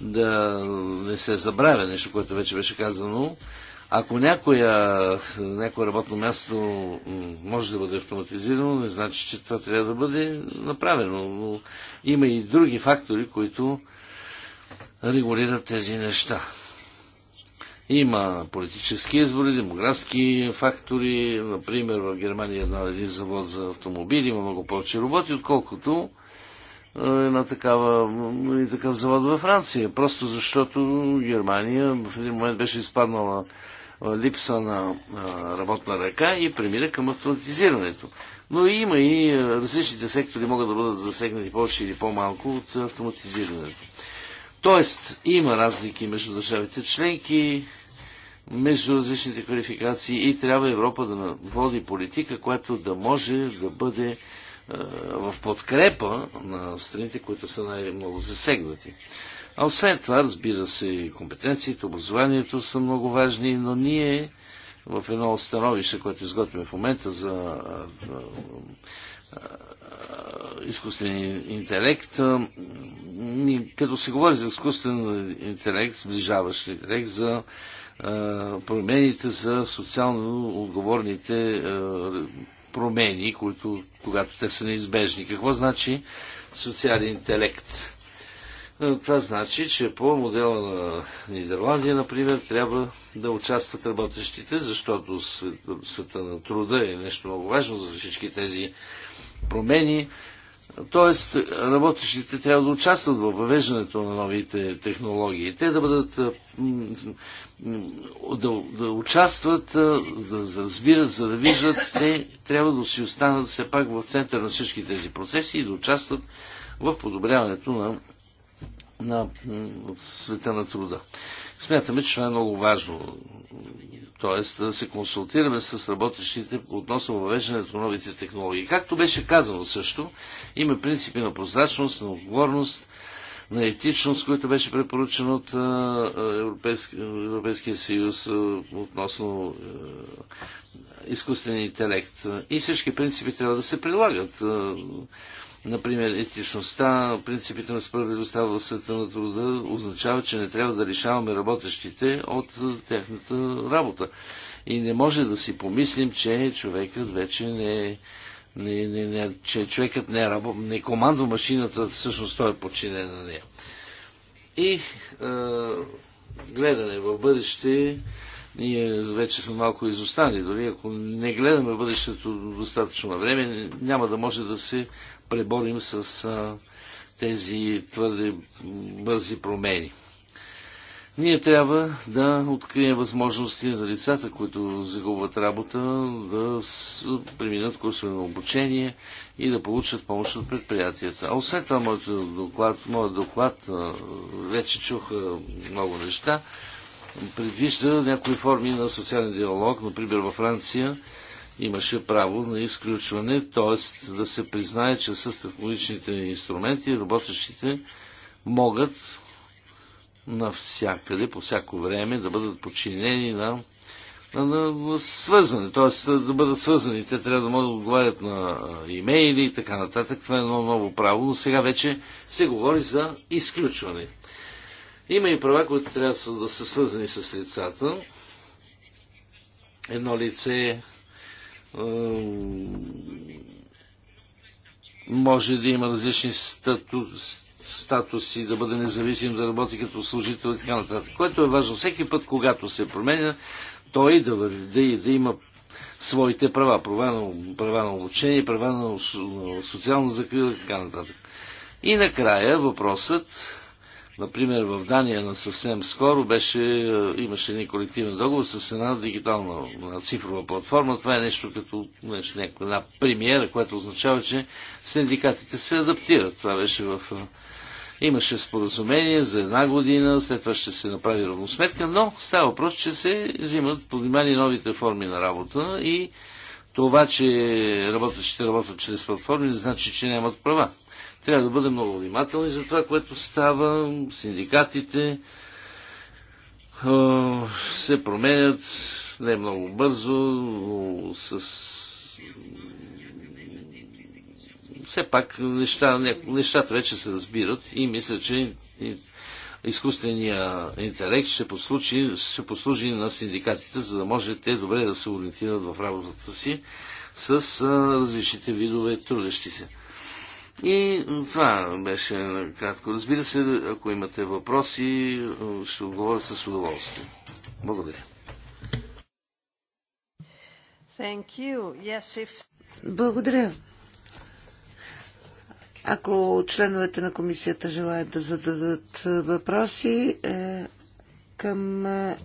да не се забравя нещо, което вече беше казано. Ако някоя, някое работно място може да бъде автоматизирано, не значи, че това трябва да бъде направено. Но има и други фактори, които регулират тези неща. Има политически избори, демографски фактори. Например, в Германия е един завод за автомобили има много повече роботи, отколкото една такава, и такъв завод във Франция. Просто защото Германия в един момент беше изпаднала е, липса на е, работна ръка и премира към автоматизирането. Но има и е, различните сектори могат да бъдат засегнати повече или по-малко от автоматизирането. Тоест, има разлики между държавите членки, между различните квалификации и трябва Европа да води политика, която да може да бъде е, в подкрепа на страните, които са най-много засегнати. А освен това, разбира се, компетенциите, образованието са много важни, но ние в едно от становище, което изготвяме в момента за изкуствен интелект. Като се говори за изкуствен интелект, сближаващ интелект, за промените за социално отговорните промени, които, когато те са неизбежни. Какво значи социален интелект? Това значи, че по модела на Нидерландия, например, трябва да участват работещите, защото света на труда е нещо много важно за всички тези промени. Тоест, работещите трябва да участват във въвеждането на новите технологии. Те да бъдат да, да участват, да, да разбират, за да виждат, те трябва да си останат все пак в центъра на всички тези процеси и да участват в подобряването на, на, на света на труда. Смятаме, че това е много важно. Тоест да се консултираме с работещите относно въвеждането на новите технологии. Както беше казано също, има принципи на прозрачност, на отговорност, на етичност, което беше препоръчено от Европейски, Европейския съюз относно изкуствен интелект. И всички принципи трябва да се прилагат. Например, етичността, принципите на справедливостта в света на труда означава, че не трябва да лишаваме работещите от тяхната работа. И не може да си помислим, че човекът вече не е не, не, не, че човекът не, рабо, не командва машината, всъщност той е подчинен на нея. И е, гледане в бъдеще, ние вече сме малко изостанали. Дори ако не гледаме бъдещето достатъчно на време, няма да може да се преборим с а, тези твърде бързи промени. Ние трябва да открием възможности за лицата, които загубват работа, да преминат курсове на обучение и да получат помощ от предприятията. А освен това, моят доклад, моят доклад вече чух много неща, предвижда някои форми на социален диалог. Например, във Франция имаше право на изключване, т.е. да се признае, че с технологичните инструменти работещите могат навсякъде, по всяко време, да бъдат подчинени на, на, на, на свързване. Т.е. да бъдат свързани. Те трябва да могат да отговарят на имейли и така нататък. Това е едно ново право, но сега вече се говори за изключване. Има и права, които трябва да са свързани с лицата. Едно лице може да има различни статуси статус и да бъде независим, да работи като служител и така нататък. Което е важно всеки път, когато се променя, той да, да, да има своите права, права на, права на обучение, права на, на социална закрила и така нататък. И накрая въпросът, например в Дания на съвсем скоро беше, е, имаше един колективен договор с една дигитална цифрова платформа. Това е нещо като нещо, някаква една премиера, което означава, че синдикатите се адаптират. Това беше в е, Имаше споразумение за една година, след това ще се направи равносметка, но става въпрос, че се взимат под внимание новите форми на работа и това, че работещите работят чрез платформи, не значи, че нямат права. Трябва да бъдем много внимателни за това, което става, синдикатите се променят не много бързо, но с все пак неща, нещата вече се разбират и мисля, че изкуственият интелект ще послужи, ще послужи на синдикатите, за да може те добре да се ориентират в работата си с различните видове трудещи се. И това беше кратко. Разбира се, ако имате въпроси, ще отговоря с удоволствие. Благодаря. Yes, if... Благодаря. Ако членовете на комисията желаят да зададат е, въпроси е, към е,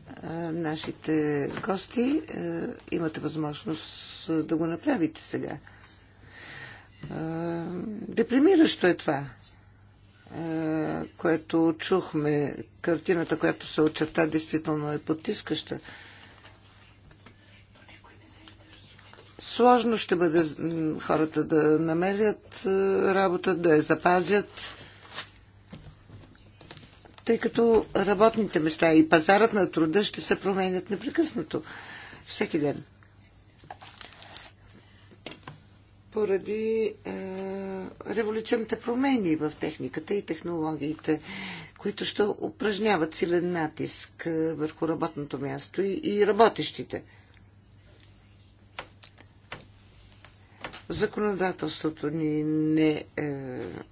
нашите гости, имате възможност да го направите сега. Депримиращо е това, което чухме. Картината, която се очерта, действително е потискаща. Сложно ще бъде хората да намерят е, работа, да я запазят, тъй като работните места и пазарът на труда ще се променят непрекъснато всеки ден. Поради е, революционните промени в техниката и технологиите, които ще упражняват силен натиск е, върху работното място и, и работещите. законодателството ни не е,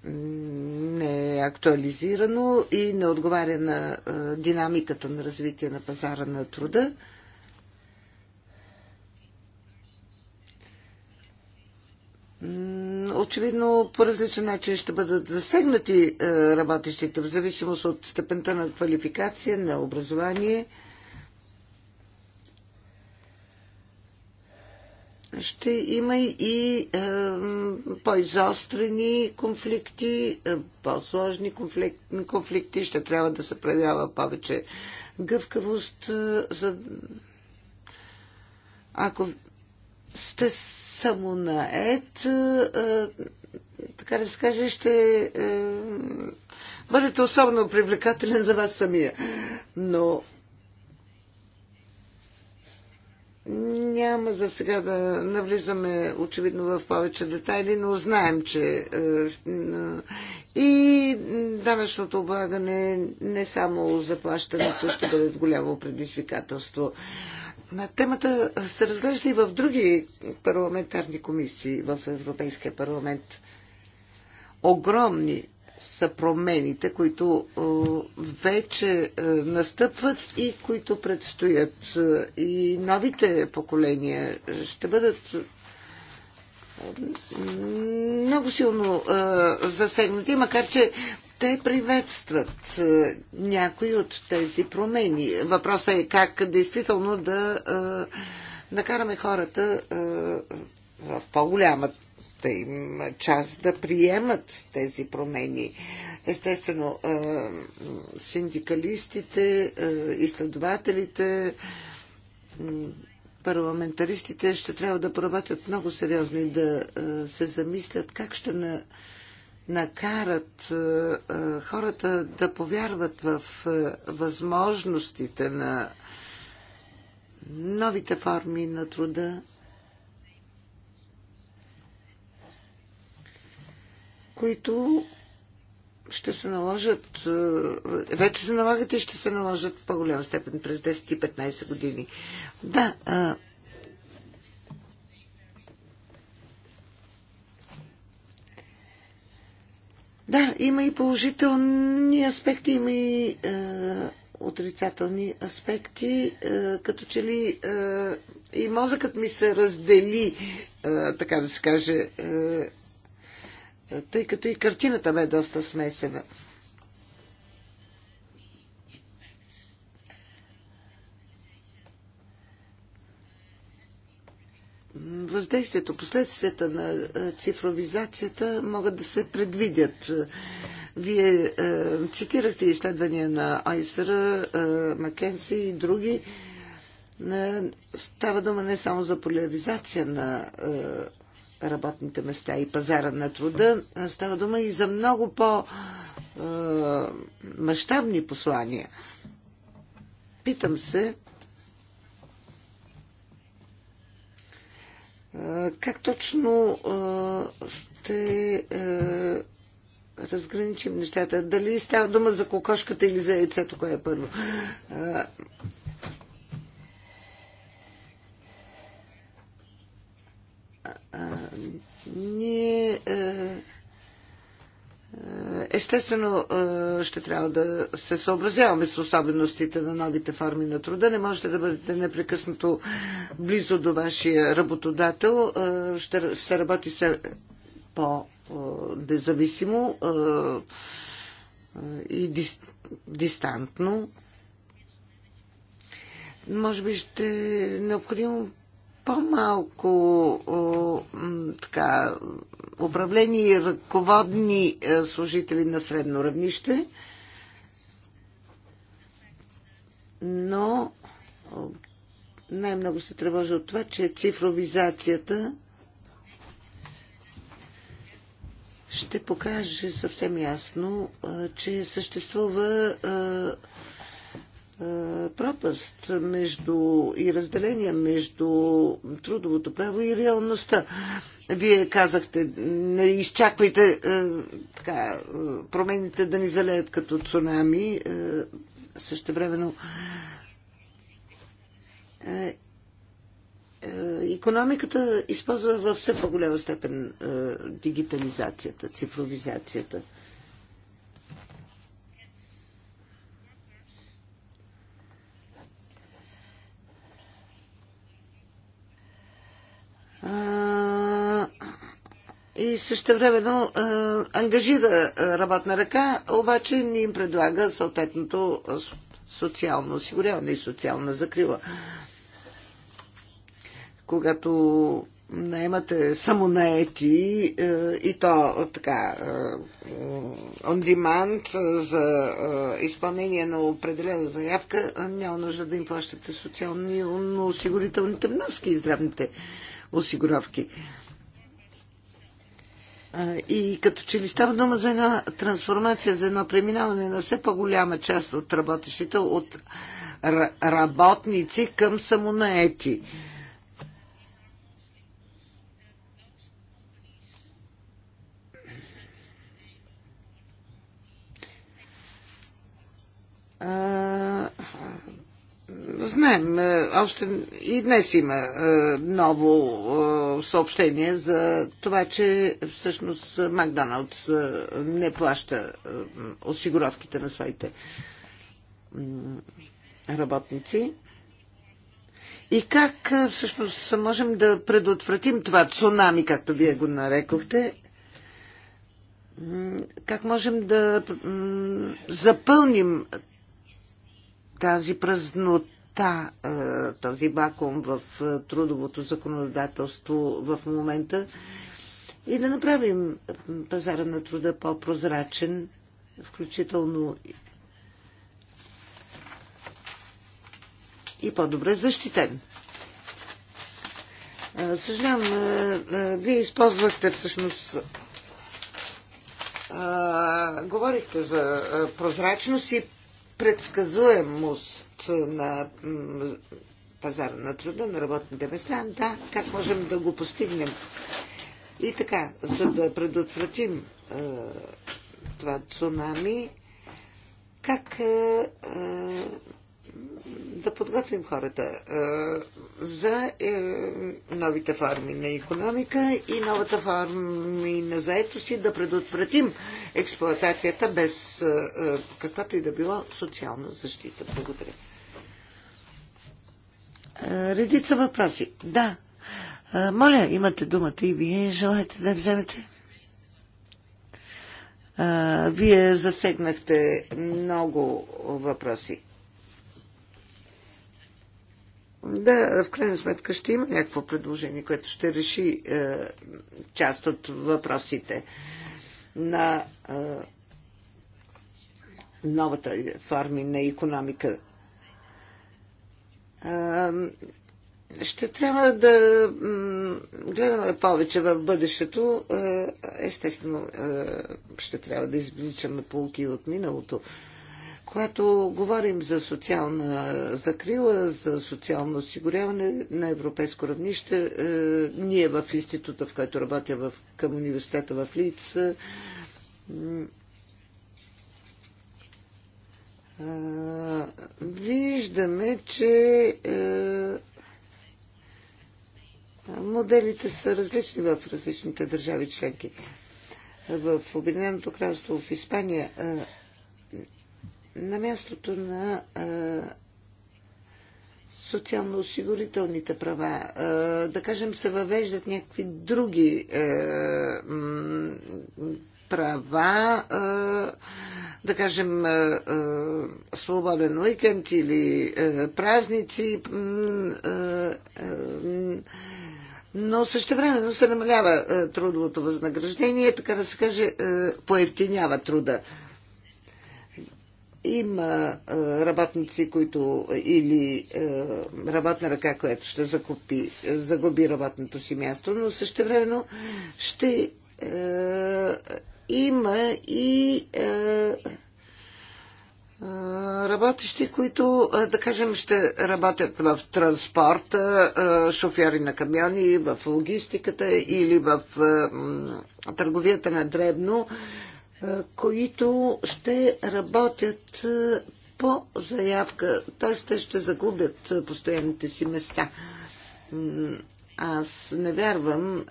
не е актуализирано и не отговаря на е, динамиката на развитие на пазара на труда. Очевидно по различен начин ще бъдат засегнати е, работещите в зависимост от степента на квалификация, на образование – ще има и е, по-изострени конфликти, е, по-сложни конфликт, конфликти. Ще трябва да се проявява повече гъвкавост. Е, за... Ако сте само наед, е, е, така да се каже, ще е, бъдете особено привлекателен за вас самия. Но Няма за сега да навлизаме очевидно в повече детайли, но знаем, че е, е, и данъчното облагане, не само заплащането, ще бъде голямо предизвикателство. На темата се разглежда и в други парламентарни комисии в Европейския парламент. Огромни са промените, които е, вече е, настъпват и които предстоят. Е, и новите поколения ще бъдат много силно засегнати, макар че те приветстват някои от тези промени. Въпросът е как действително да накараме хората в по-голямата да им част да приемат тези промени. Естествено, е, синдикалистите, е, изследователите, парламентаристите ще трябва да проработят много сериозно и да е, се замислят как ще на накарат хората да повярват в възможностите на новите форми на труда, които ще се наложат, е, вече се налагат и ще се наложат в по-голяма степен през 10 и 15 години. Да, а, Да, има и положителни аспекти, има и е, отрицателни аспекти. Е, като че ли е, и мозъкът ми се раздели, е, така да се каже, е, тъй като и картината бе доста смесена. Въздействието, последствията на е, цифровизацията могат да се предвидят. Вие е, цитирахте изследвания на Айсера, е, Макенси и други. Е, става дума не само за поляризация на е, работните места и пазара на труда. Става дума и за много по-мащабни е, послания. Питам се, е, как точно е, ще разграничим нещата? Дали става дума за кокошката или за яйцето, кое е първо? ние е, е, естествено е, ще трябва да се съобразяваме с особеностите на новите форми на труда. Не можете да бъдете непрекъснато близо до вашия работодател. Ще се работи се по-независимо и дистантно. Може би ще е необходимо по-малко така, управление и ръководни е, служители на средно равнище, но най-много се тревожа от това, че цифровизацията ще покаже съвсем ясно, е, че съществува е, е, пропаст между и разделение между трудовото право и реалността. Вие казахте, не изчаквайте е, така, е, промените да ни залеят като цунами. Е, същевременно е, економиката използва във все по-голяма степен е, дигитализацията, цифровизацията. и също времено ангажира работна ръка, обаче не им предлага съответното социално осигуряване и социална закрила. Когато наемате самонаети и то така on demand за изпълнение на определена заявка, няма нужда да им плащате социални, но осигурителните вноски и здравните осигуровки. И като че ли става дума за една трансформация, за едно преминаване на все по-голяма част от работещите, от работници към самонаети знаем, е, още и днес има е, ново е, съобщение за това, че всъщност Макдоналдс не плаща осигуровките на своите работници. И как всъщност можем да предотвратим това цунами, както вие го нарекохте? Как можем да запълним тази празнота, е, този вакуум в е, трудовото законодателство в момента и да направим пазара на труда по-прозрачен, включително и по-добре защитен. Е, съжалявам, вие използвахте всъщност. Говорихте за прозрачност и предсказуемост на пазара на труда, на работните места, да, как можем да го постигнем. И така, за да предотвратим е, това цунами, как е, е, да подготвим хората за е, новите форми на економика и новата форми на заетост и да предотвратим експлоатацията без каквато и да било социална защита. Благодаря. Редица въпроси. Да. Моля, имате думата и вие желаете да вземете. Вие засегнахте много въпроси. Да, в крайна сметка ще има някакво предложение, което ще реши е, част от въпросите на е, новата форми на економика. Е, ще трябва да гледаме повече в бъдещето. Е, естествено, е, ще трябва да извличаме полки от миналото. Е, когато говорим за социална закрила, за социално осигуряване на европейско равнище, е, ние в института, в който работя в, към университета в Лиц, е, виждаме, че е, моделите са различни в различните държави членки. В Обединеното кралство, в Испания, на мястото на социално-осигурителните права. Да кажем, се въвеждат някакви други права, да кажем, свободен уикенд или празници, но също време се намалява трудовото възнаграждение, така да се каже, поевтинява труда има е, работници, които е, или е, работна ръка, която ще закупи, загуби работното си място, но също времено ще има и работещи, които, да кажем, ще работят в транспорта, шофьори на камиони, в логистиката или в търговията на дребно, е, които ще работят е, по заявка, т.е. те ще загубят е, постоянните си места. Аз не вярвам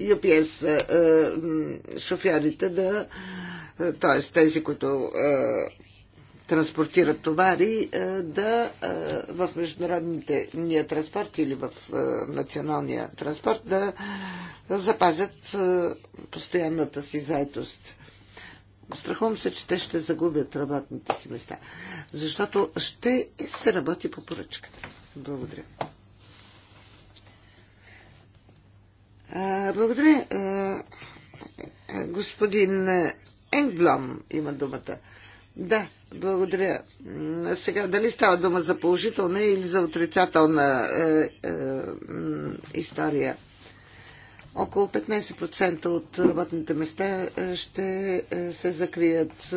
UPS шофьорите да, т.е. тези, които транспортират товари, да в международните ния транспорт или в националния транспорт да запазят постоянната си заетост. Страхувам се, че те ще загубят работните си места, защото ще се работи по поръчка. Благодаря. А, благодаря. А, господин Енгблом има думата. Да, благодаря. Сега, дали става дума за положителна или за отрицателна е, е, история? Около 15% от работните места е, ще е, се закрият. Е,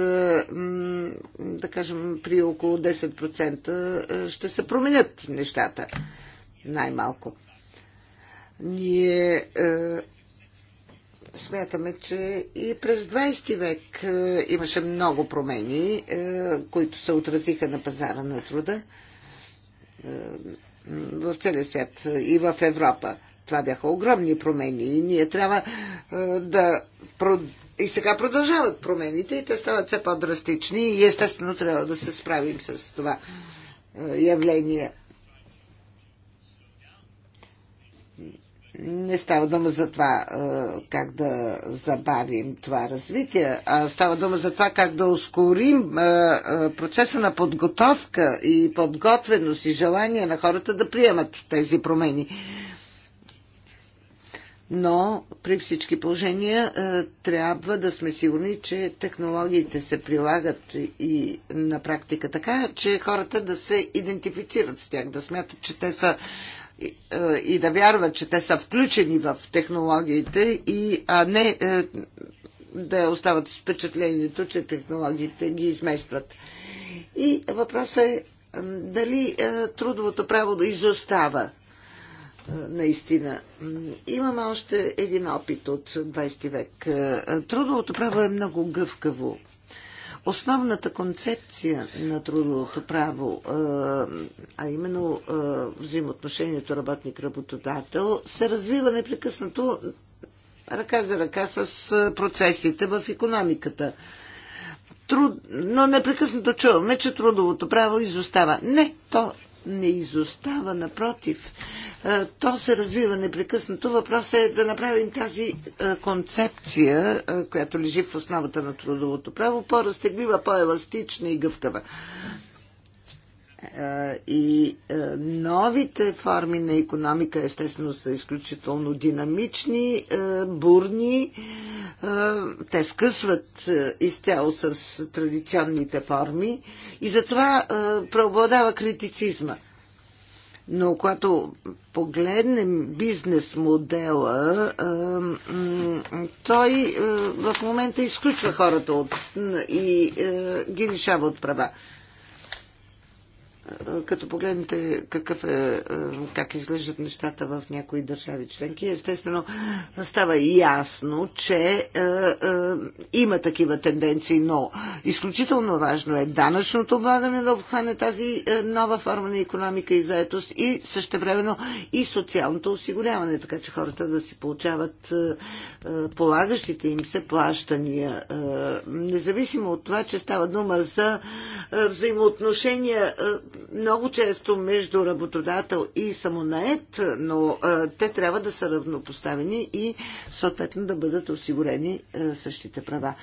да кажем, при около 10% ще се променят нещата. Най-малко. Ние смятаме, че и през 20 век имаше много промени, които се отразиха на пазара на труда в целия свят и в Европа. Това бяха огромни промени и ние трябва е, да. И сега продължават промените и те стават все по-драстични и естествено трябва да се справим с това е, явление. не става дума за това е, как да забавим това развитие, а става дума за това как да ускорим процеса на подготовка и подготвеност и желание на хората да приемат тези промени но при всички положения е, трябва да сме сигурни, че технологиите се прилагат и на практика така, че хората да се идентифицират с тях, да смятат, че те са е, и да вярват, че те са включени в технологиите, и, а не е, да остават с впечатлението, че технологиите ги изместват. И въпросът е дали трудовото право да изостава наистина. Имаме още един опит от 20 век. Трудовото право е много гъвкаво. Основната концепция на трудовото право, а именно взаимоотношението работник-работодател, се развива непрекъснато ръка за ръка с процесите в економиката. Труд... Но непрекъснато чуваме, че трудовото право изостава. Не, то не изостава, напротив. То се развива непрекъснато. Въпросът е да направим тази концепция, която лежи в основата на трудовото право, по-разтеглива, по-еластична и гъвкава и новите форми на економика естествено са изключително динамични, бурни. Те скъсват изцяло с традиционните форми и затова преобладава критицизма. Но когато погледнем бизнес модела, той в момента изключва хората от, и ги лишава от права. Е, като погледнете какъв е, е, как изглеждат нещата в някои държави членки, естествено става ясно, че е, е, има такива тенденции, но изключително важно е данъчното облагане да обхване тази е, нова форма на економика и заетост и същевременно и социалното осигуряване, така че хората да си получават е, полагащите им се плащания. Е, независимо от това, че става дума за е, взаимоотношения е, много често между работодател и самонает, но те трябва да са равнопоставени и съответно да бъдат осигурени същите права.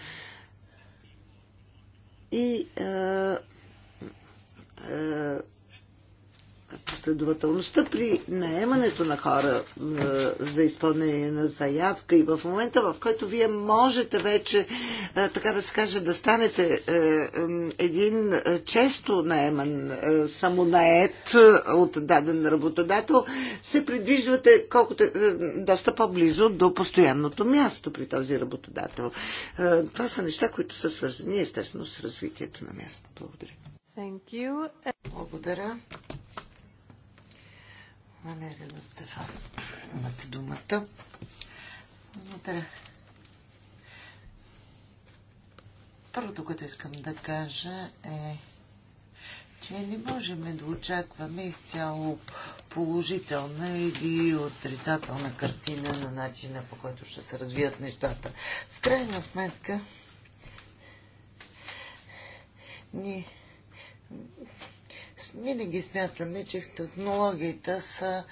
И последователността при наемането на хора е, за изпълнение на заявка и в момента, в който вие можете вече, е, така да се каже, да станете е, е един често наеман, е, самонаед е, от даден работодател, се придвижвате колкото, е, доста по-близо до постоянното място при този работодател. Е, това са неща, които са свързани естествено с развитието на място. Благодаря. Благодаря. Валерия Стефан. Имате думата. Благодаря. Първото, което искам да кажа е, че не можем да очакваме изцяло положителна или отрицателна картина на начина по който ще се развият нещата. В крайна сметка, ние винаги смятаме, че технологиите са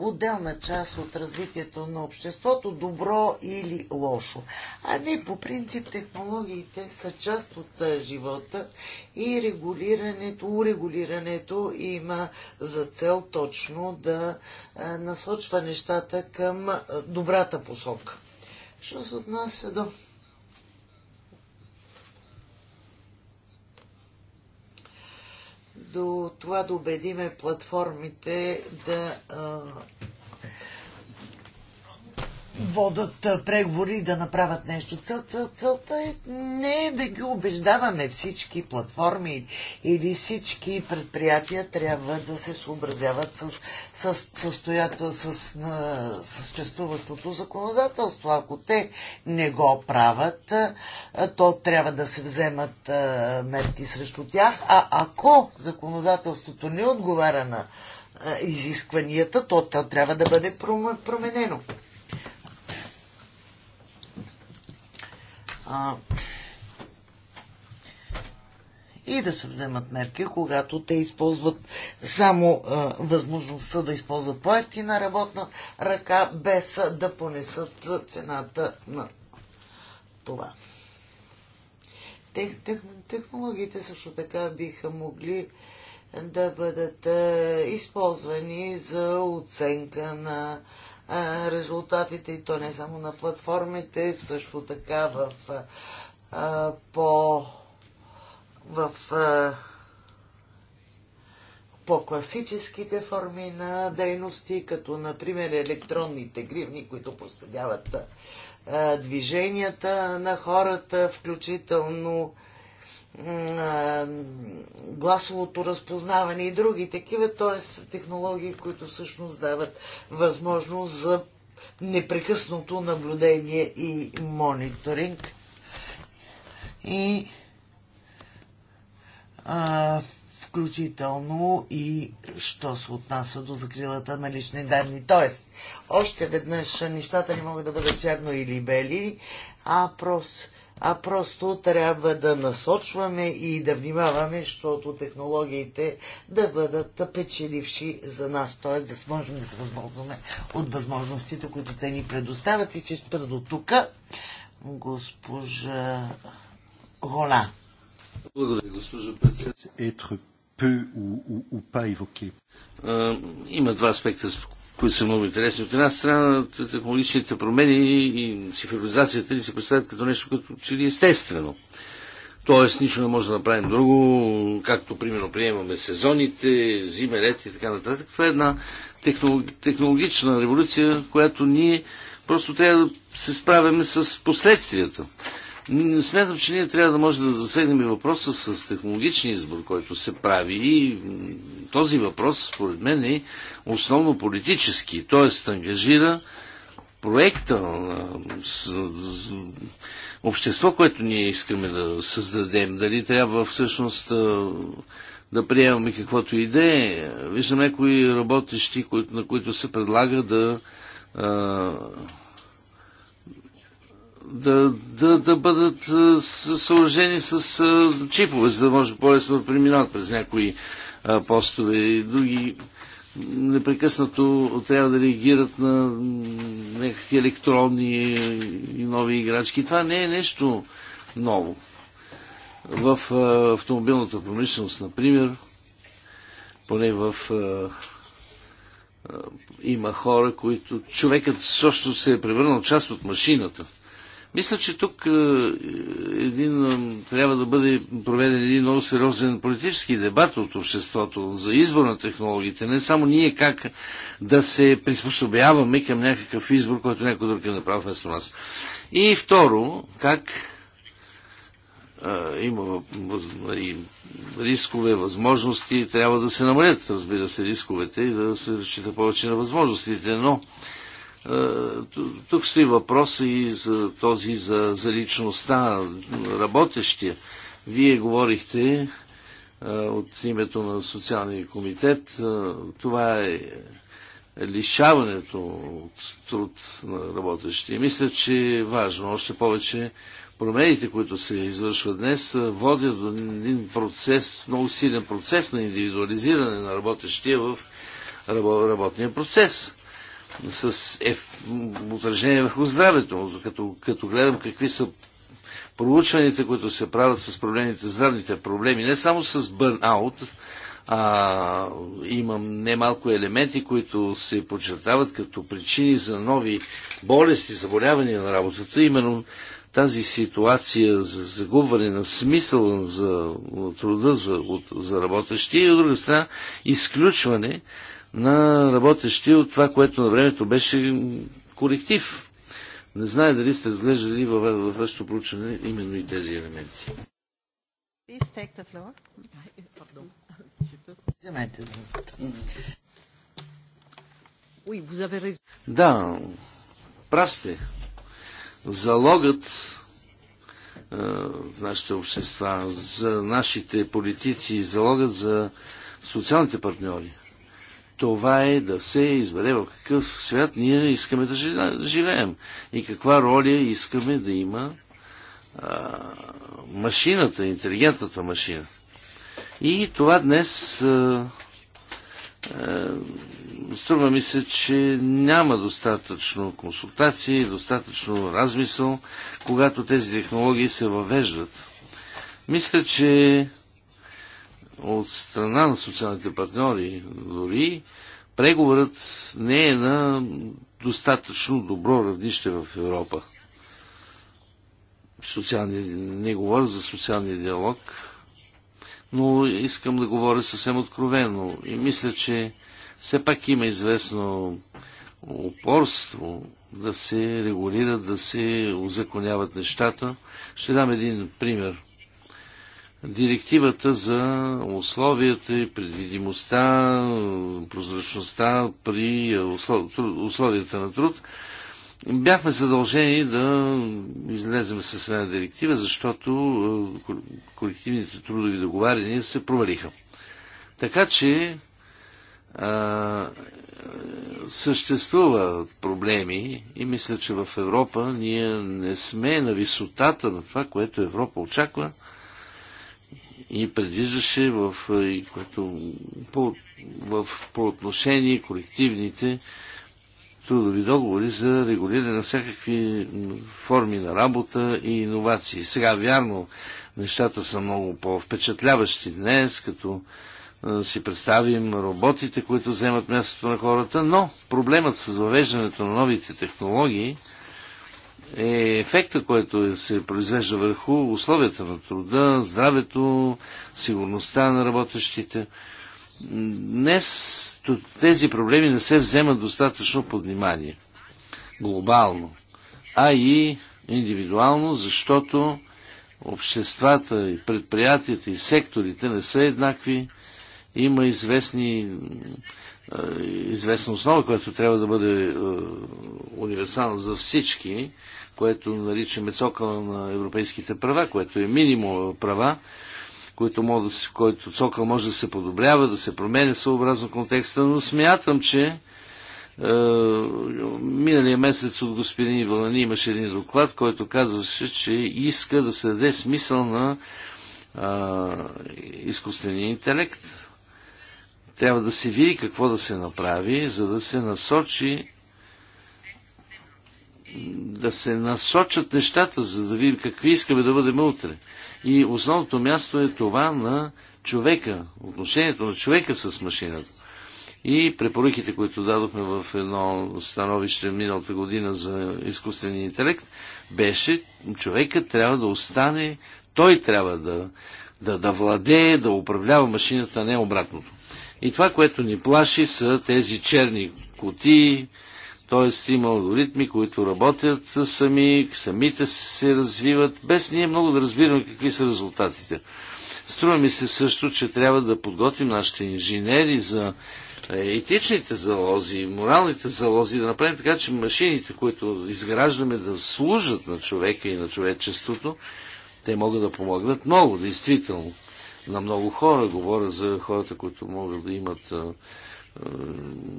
отделна част от развитието на обществото, добро или лошо. А не, по принцип технологиите са част от живота и регулирането, урегулирането има за цел точно да насочва нещата към добрата посока. Що се отнася до до това да убедиме платформите да водат преговори и да направят нещо. Цел, цел, целта е не е да ги убеждаваме. Всички платформи или всички предприятия трябва да се съобразяват с, с, състоятел, с на, съществуващото законодателство. Ако те не го правят, то трябва да се вземат мерки срещу тях. А ако законодателството не отговаря на изискванията, то, то трябва да бъде променено. а, и да се вземат мерки, когато те използват само а, възможността да използват по-ефтина работна ръка, без да понесат цената на това. Тех, тех, технологиите също така биха могли да бъдат а, използвани за оценка на а, резултатите и то не само на платформите, също така в а, по в а, по-класическите форми на дейности, като например електронните гривни, които проследяват движенията на хората, включително гласовото разпознаване и други такива, т.е. технологии, които всъщност дават възможност за непрекъснато наблюдение и мониторинг. И а, включително и що се отнася до закрилата на лични данни. Тоест, още веднъж нещата не могат да бъдат черно или бели, а просто а просто трябва да насочваме и да внимаваме, защото технологиите да бъдат печеливши за нас, т.е. да сможем да се възползваме от възможностите, които те ни предоставят. И се спра до тук госпожа Гола. Благодаря, госпожо председател. Има два аспекта, които са много интересни. От една страна технологичните промени и цифровизацията ни се представят като нещо, като че ли естествено. Тоест, нищо не може да направим друго, както примерно приемаме сезоните, зиме, лет и така нататък. Това е една технологична революция, която ние просто трябва да се справяме с последствията. Смятам, че ние трябва да може да засегнем и въпроса с технологичния избор, който се прави и този въпрос, според мен, е основно политически, т.е. ангажира проекта на общество, което ние искаме да създадем. Дали трябва всъщност да приемаме каквото и да е. Виждам някои работещи, на които се предлага да да, да, да бъдат съоръжени с чипове, за да може по-лесно да преминават през някои постове и други непрекъснато трябва да реагират на някакви електронни и нови играчки. Това не е нещо ново. В автомобилната промишленост, например, поне в има хора, които човекът също се е превърнал част от машината. Мисля, че тук е, един, е, трябва да бъде проведен един много сериозен политически дебат от обществото за избор на технологиите. Не само ние как да се приспособяваме към някакъв избор, който някой друг е направил вместо нас. И второ, как а, е, има и рискове, възможности, трябва да се намалят, разбира се, рисковете и да се разчита повече на възможностите, но е, тук стои въпрос и за този за, за личността, работещия. Вие говорихте е, от името на социалния комитет. Е, това е лишаването от труд на работещи. Мисля, че е важно. Още повече промените, които се извършват днес, водят до един процес, много силен процес на индивидуализиране на работещия в работния процес с еф... отражение върху здравето. Като, като гледам какви са проучванията, които се правят с проблемите, здравните проблеми, не само с бърнаут, а, имам немалко елементи, които се подчертават като причини за нови болести, заболявания на работата. Именно тази ситуация за загубване на смисъл за труда за, от, за работещи и от друга страна изключване на работещи от това, което на времето беше колектив. Не знае дали сте разглеждали във вашето проучване именно и тези елементи. Да, прав сте. Залогът е, в нашите общества, за нашите политици, залогът за социалните партньори това е да се избере в какъв свят ние искаме да живеем и каква роля искаме да има а, машината, интелигентната машина. И това днес а, а, струва ми се, че няма достатъчно консултации, достатъчно размисъл, когато тези технологии се въвеждат. Мисля, че от страна на социалните партньори дори, преговорът не е на достатъчно добро равнище в Европа. Социални, не говоря за социалния диалог, но искам да говоря съвсем откровено. И мисля, че все пак има известно упорство да се регулират, да се узаконяват нещата. Ще дам един пример – директивата за условията и предвидимостта, прозрачността при условията на труд, бяхме задължени да излезем с една директива, защото е, колективните трудови договаряния се провалиха. Така че а, е, съществуват проблеми и мисля, че в Европа ние не сме на висотата на това, което Европа очаква – и предвиждаше в, и което, по, в, по отношение колективните трудови договори за регулиране на всякакви форми на работа и иновации. Сега, вярно, нещата са много по-впечатляващи днес, като а, си представим роботите, които вземат мястото на хората, но проблемът с въвеждането на новите технологии – е ефекта, който е- се произвежда върху условията на труда, здравето, сигурността на работещите. Днес тези проблеми не се вземат достатъчно под внимание. Глобално. А и индивидуално, защото обществата и предприятията и секторите не са еднакви. Има известни е, известна основа, която трябва да бъде е, универсална за всички, което наричаме цокъла на европейските права, което е минимум права, който, да се, който цокъл може да се подобрява, да се променя съобразно контекста, но смятам, че е, миналия месец от господин Валани имаше един доклад, който казваше, че иска да се даде смисъл на е, изкуствения интелект. Трябва да се види какво да се направи, за да се насочи да се насочат нещата, за да видим какви искаме да бъдем утре. И основното място е това на човека, отношението на човека с машината. И препоръките, които дадохме в едно становище миналата година за изкуствения интелект, беше човека трябва да остане, той трябва да, да, да владее, да управлява машината, а не обратното. И това, което ни плаши, са тези черни кутии, т.е. има алгоритми, които работят сами, самите се развиват, без ние много да разбираме какви са резултатите. Струва ми се също, че трябва да подготвим нашите инженери за е, етичните залози, моралните залози, да направим така, че машините, които изграждаме да служат на човека и на човечеството, те могат да помогнат много, действително на много хора. Говоря за хората, които могат да имат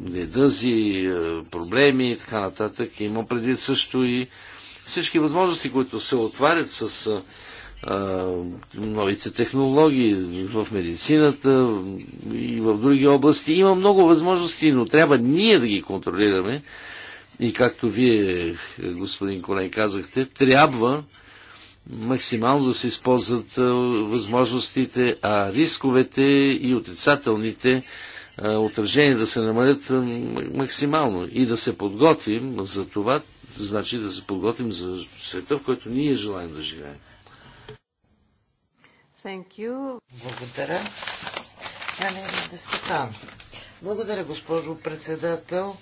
недъзи, проблеми и така нататък. Има предвид също и всички възможности, които се отварят с а, новите технологии в медицината и в други области. Има много възможности, но трябва ние да ги контролираме. И както вие, господин Коней, казахте, трябва максимално да се използват възможностите, а рисковете и отрицателните отражения да се намалят максимално и да се подготвим за това, значи да се подготвим за света, в който ние желаем да живеем. Thank you. Благодаря. Анелина Дестепан. Благодаря, госпожо председател.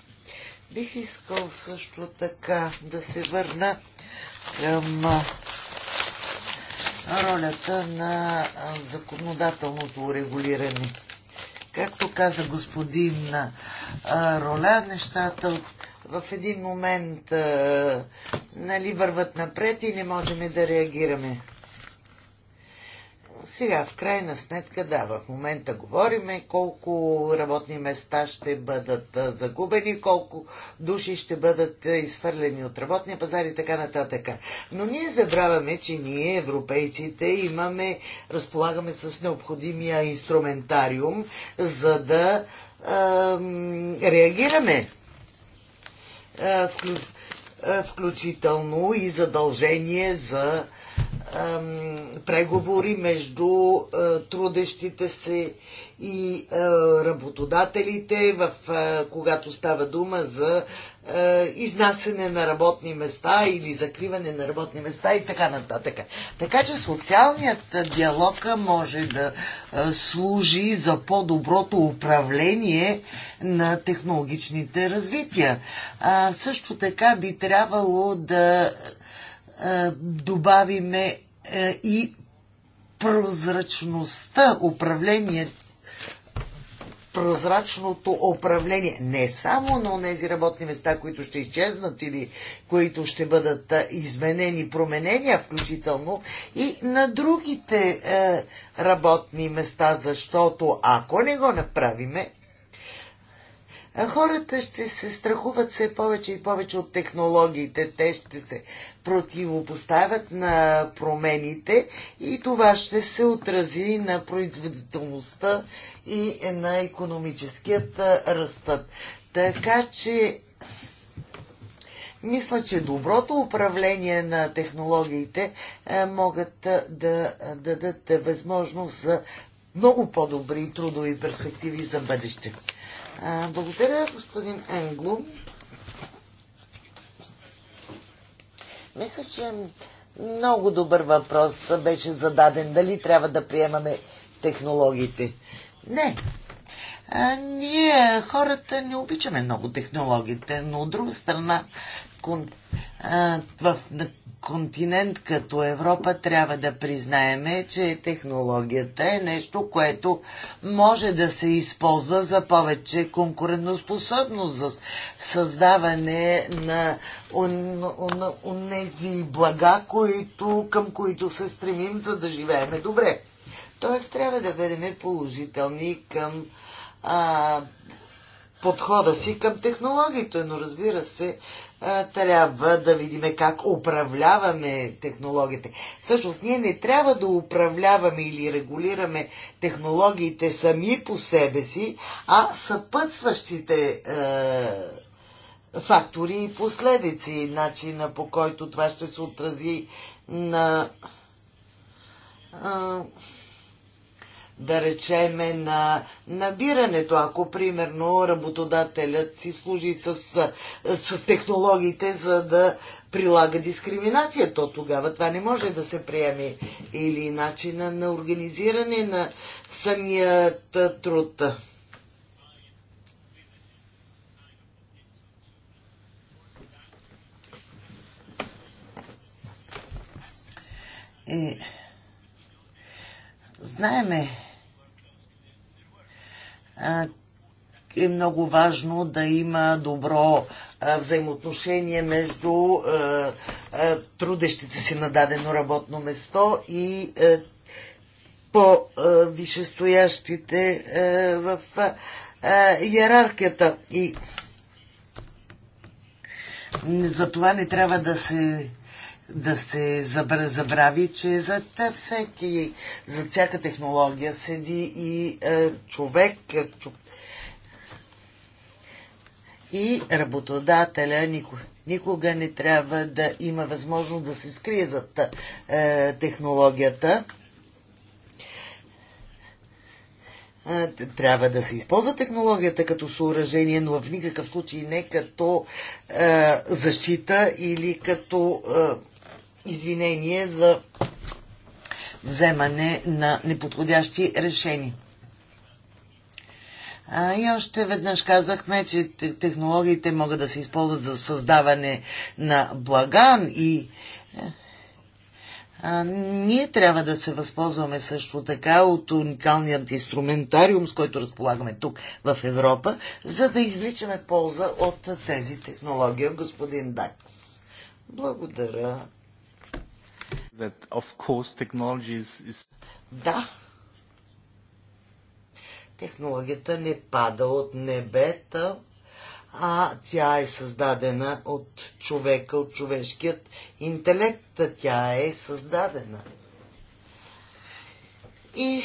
Бих искал също така да се върна към ролята на законодателното урегулиране. Както каза господин Роля, нещата в един момент нали, върват напред и не можем да реагираме сега в крайна сметка, да, в момента говориме колко работни места ще бъдат загубени, колко души ще бъдат изхвърлени от работния пазар и така нататък. Но ние забравяме, че ние, европейците, имаме, разполагаме с необходимия инструментариум, за да е, реагираме. Е, вклю, е, включително и задължение за преговори между трудещите се и работодателите, в, когато става дума за изнасене на работни места или закриване на работни места и така нататък. Така че социалният диалог може да служи за по-доброто управление на технологичните развития. А, също така би трябвало да е, добавиме е, и прозрачността, управление, прозрачното управление не само на тези работни места, които ще изчезнат или които ще бъдат е, изменени, променени, а включително и на другите работни места, защото ако не го направиме, хората ще се страхуват все повече и повече от технологиите. Те ще се противопоставят на промените и това ще се отрази на производителността и на економическият ръстът. Така че мисля, че доброто управление на технологиите могат да дадат възможност за много по-добри трудови перспективи за бъдеще. Благодаря, господин Енгло. Мисля, че много добър въпрос беше зададен. Дали трябва да приемаме технологиите? Не. А, ние, хората, не обичаме много технологиите, но от друга страна, в континент като Европа трябва да признаеме, че технологията е нещо, което може да се използва за повече конкурентоспособност, за създаване на тези блага, които, към които се стремим, за да живееме добре. Тоест трябва да бъдем положителни към а, подхода си към технологиите, но разбира се, трябва да видим как управляваме технологиите. Всъщност, ние не трябва да управляваме или регулираме технологиите сами по себе си, а съпътстващите е, фактори и последици, начина по който това ще се отрази на. Е, да речеме, на набирането. Ако, примерно, работодателят си служи с, с технологиите, за да прилага дискриминация, то тогава това не може да се приеме. Или начина на организиране на самият труд. Е, Знаеме, е много важно да има добро взаимоотношение между трудещите си на дадено работно место и по-вишестоящите в иерархията. И за това не трябва да се да се забрави, че за всеки, за всяка технология седи и е, човек, е, чу... и работодателя никога, никога не трябва да има възможност да се скрие за е, технологията. Е, трябва да се използва технологията като съоръжение, но в никакъв случай не като е, защита или като е, извинение за вземане на неподходящи решения. А, и още веднъж казахме, че технологиите могат да се използват за създаване на благан и е, а, ние трябва да се възползваме също така от уникалният инструментариум, с който разполагаме тук в Европа, за да извличаме полза от тези технологии, господин Дакс. Благодаря. Is... Да. Технологията не пада от небета, а тя е създадена от човека, от човешкият интелект. Тя е създадена. И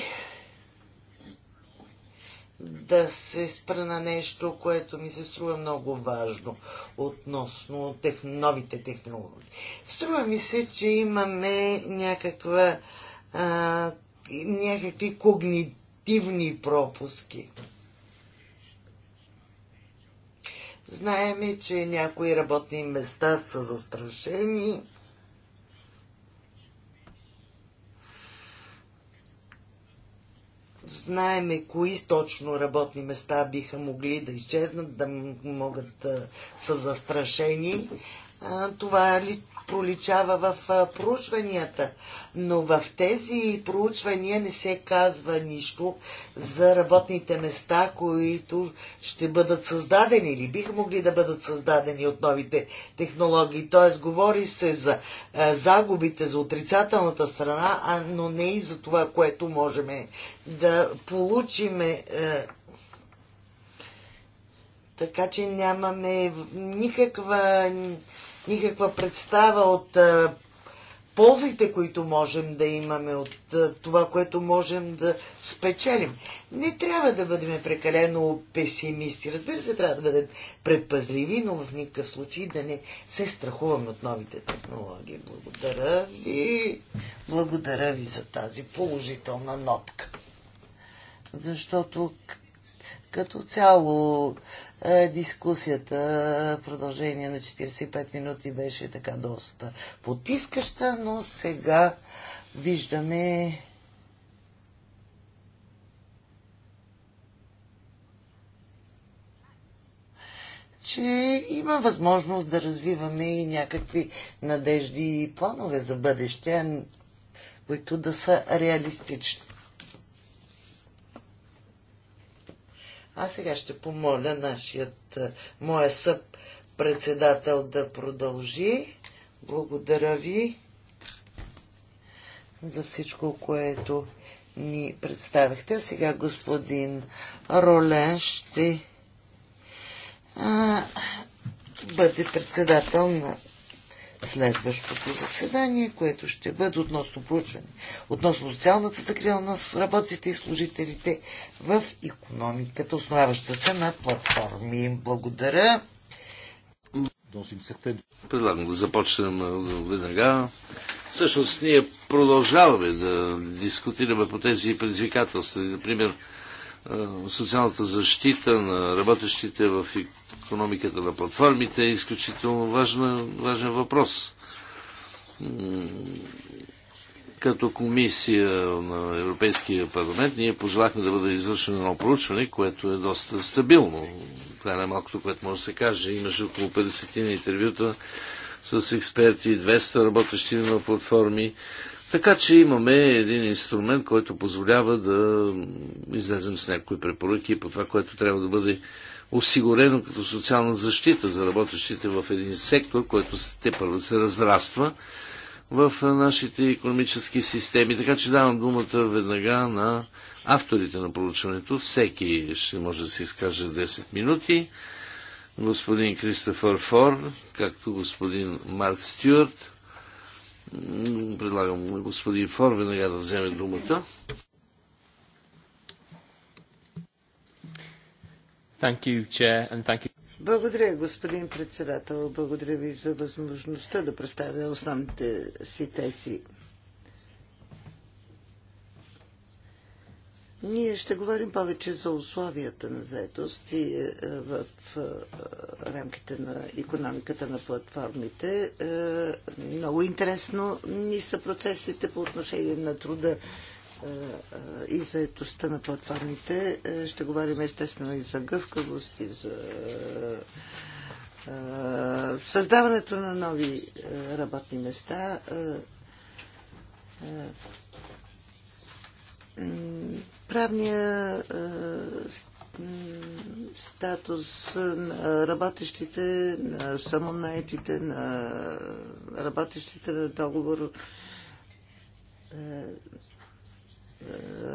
да се спра на нещо, което ми се струва много важно относно тех... новите технологии. Струва ми се, че имаме някаква, а, някакви когнитивни пропуски. Знаеме, че някои работни места са застрашени знаеме кои точно работни места биха могли да изчезнат, да могат да са застрашени. Това е ли проличава в проучванията, но в тези проучвания не се казва нищо за работните места, които ще бъдат създадени или биха могли да бъдат създадени от новите технологии. Т.е. говори се за загубите, за отрицателната страна, но не и за това, което можем да получиме така че нямаме никаква никаква представа от ползите, които можем да имаме от това, което можем да спечелим. Не трябва да бъдем прекалено песимисти. Разбира се, трябва да бъдем предпазливи, но в никакъв случай да не се страхуваме от новите технологии. Благодаря ви. Благодаря ви за тази положителна нотка. Защото като цяло е, дискусията в продължение на 45 минути беше така доста потискаща, но сега виждаме че има възможност да развиваме и някакви надежди и планове за бъдеще, които да са реалистични. А сега ще помоля нашият, е, моя съп председател да продължи. Благодаря ви за всичко, което ни представихте. Сега господин Ролен ще а, бъде председател на следващото заседание, което ще бъде относно проучване, относно социалната закрила на работите и служителите в економиката, основаваща се на платформи. Благодаря. Предлагам да започнем веднага. Всъщност ние продължаваме да дискутираме по тези предизвикателства. Например, е, социалната защита на работещите в економиката на платформите е изключително важен, важен въпрос. Като комисия на Европейския парламент ние пожелахме да бъде извършено едно проучване, което е доста стабилно. Това е най-малкото, което може да се каже. Имаше около 50 на интервюта с експерти, 200 работещи на платформи така че имаме един инструмент, който позволява да излезем с някои препоръки по това, което трябва да бъде осигурено като социална защита за работещите в един сектор, който те първо се разраства в нашите економически системи. Така че давам думата веднага на авторите на проучването. Всеки ще може да се изкаже 10 минути. Господин Кристофър Фор, както господин Марк Стюарт, Предлагам господин Фор веднага да вземе думата. Благодаря, господин председател. Благодаря ви за възможността да представя основните си тези Ние ще говорим повече за условията на заетост и е, в е, рамките на економиката на платформите. Е, много интересно ни са процесите по отношение на труда и заетостта на платформите. Ще говорим естествено и за гъвкавост и за създаването на нови работни места правния статус на работещите, на самонаетите, на работещите на договор.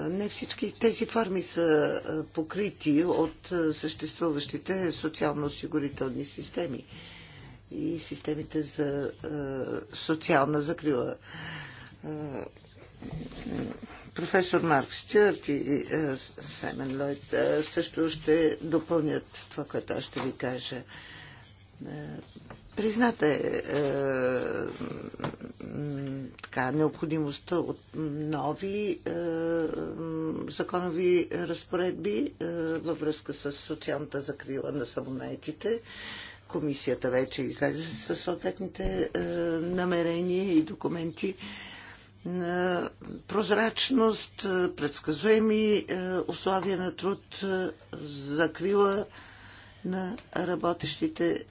Не всички тези форми са покрити от съществуващите социално-осигурителни системи и системите за социална закрила професор Марк Стюарт и е, Саймон Лойд е, също ще допълнят това, което аз ще ви кажа. Е, призната е, е така, необходимостта от нови е, законови разпоредби е, във връзка с социалната закрила на самонайтите. Комисията вече излезе със съответните е, намерения и документи. Е, прозрачност, е, предсказуеми е, условия на труд, е, закрила на работещите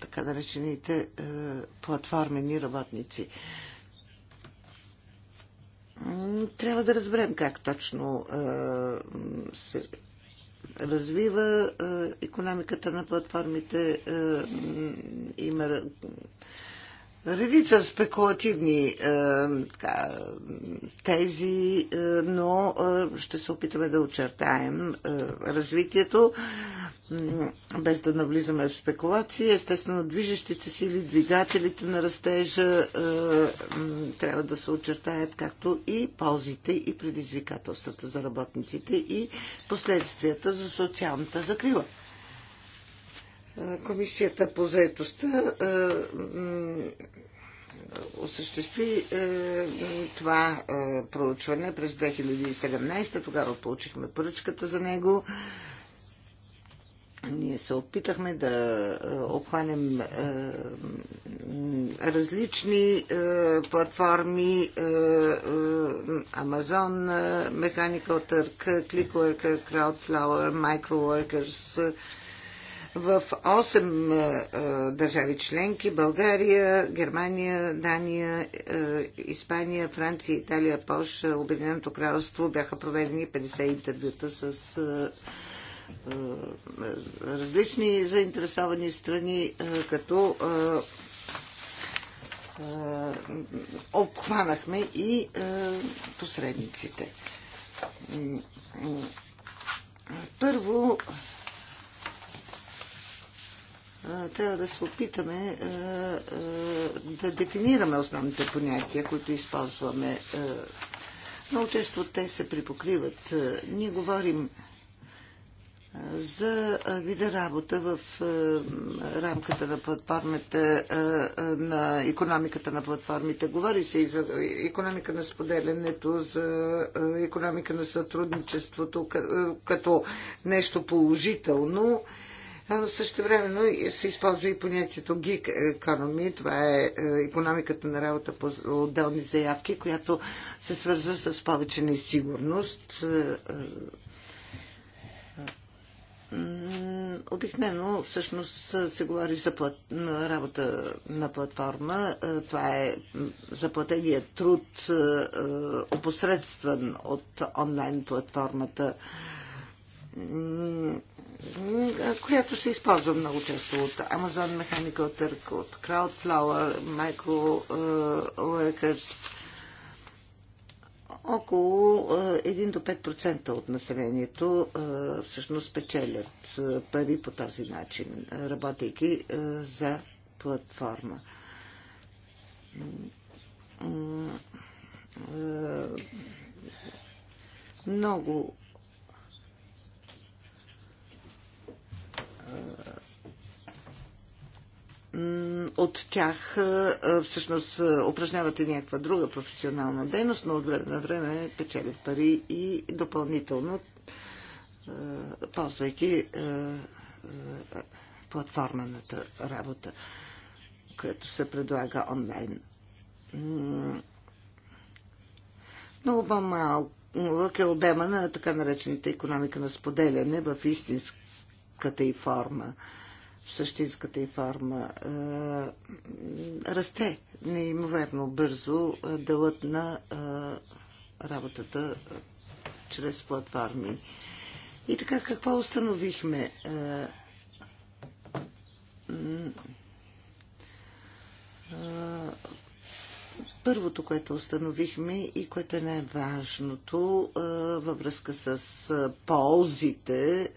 така наречените платформени работници. Трябва да разберем как точно се развива економиката на платформите. Има редица спекулативни е, така, тези, е, но е, ще се опитаме да очертаем е, развитието, без да навлизаме в спекулации. Естествено, движещите сили, двигателите на растежа е, трябва да се очертаят, както и ползите и предизвикателствата за работниците и последствията за социалната закрива. Комисията по заедостта е, осъществи е, това е, проучване през 2017. Тогава получихме поръчката за него. Ние се опитахме да обхванем различни платформи, Amazon, Mechanical Turk, Clickworker, Crowdflower, Microworkers, Microworkers, в 8 е, е, държави членки България, Германия, Дания, е, Испания, Франция, Италия, Польша, Обединеното кралство бяха проведени 50 интервюта с различни заинтересовани страни, като обхванахме и посредниците. Първо, трябва да се опитаме да дефинираме основните понятия, които използваме. Много често те се припокриват. Ние говорим за вида работа в рамката на платформите, на економиката на платформите. Говори се и за економика на споделянето, за економика на сътрудничеството като нещо положително но също времено се използва и понятието gig economy. Това е економиката на работа по отделни заявки, която се свързва с повече несигурност. Е, е, обикновено всъщност се говори за плат... работа на платформа. Е, това е заплатения труд, опосредстван от онлайн платформата която се използва много често от Amazon Mechanical Turk, от Crowdflower, Micro Workers. Около 1 е, до 5% от населението е, всъщност печелят е, пари по този начин, работейки за платформа много от тях всъщност упражняват и някаква друга професионална дейност, но от време на време печелят пари и допълнително ползвайки платформената работа, която се предлага онлайн. Много по-малко е обема на така наречената економика на споделяне в истински кратката и форма, в същинската и форма, е, расте неимоверно бързо е, делът на е, работата чрез платформи. И така, какво установихме? Първото, което установихме и което е най-важното във връзка с ползите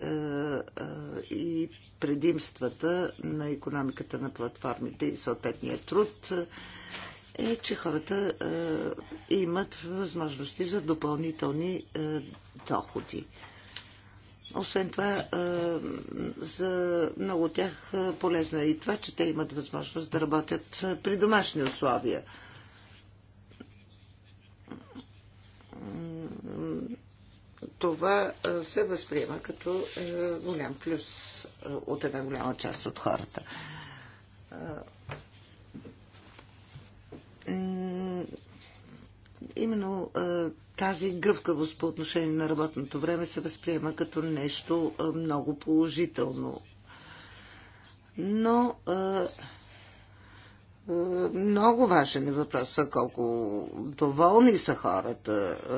и предимствата на економиката на платформите и съответния труд, е, че хората имат възможности за допълнителни доходи. Освен това, за много от тях полезно е и това, че те имат възможност да работят при домашни условия – това се възприема като е, голям плюс е, от една голяма част от хората. Именно тази гъвкавост по отношение на работното време се възприема като нещо много положително. Но много важен е въпросът колко доволни са хората е,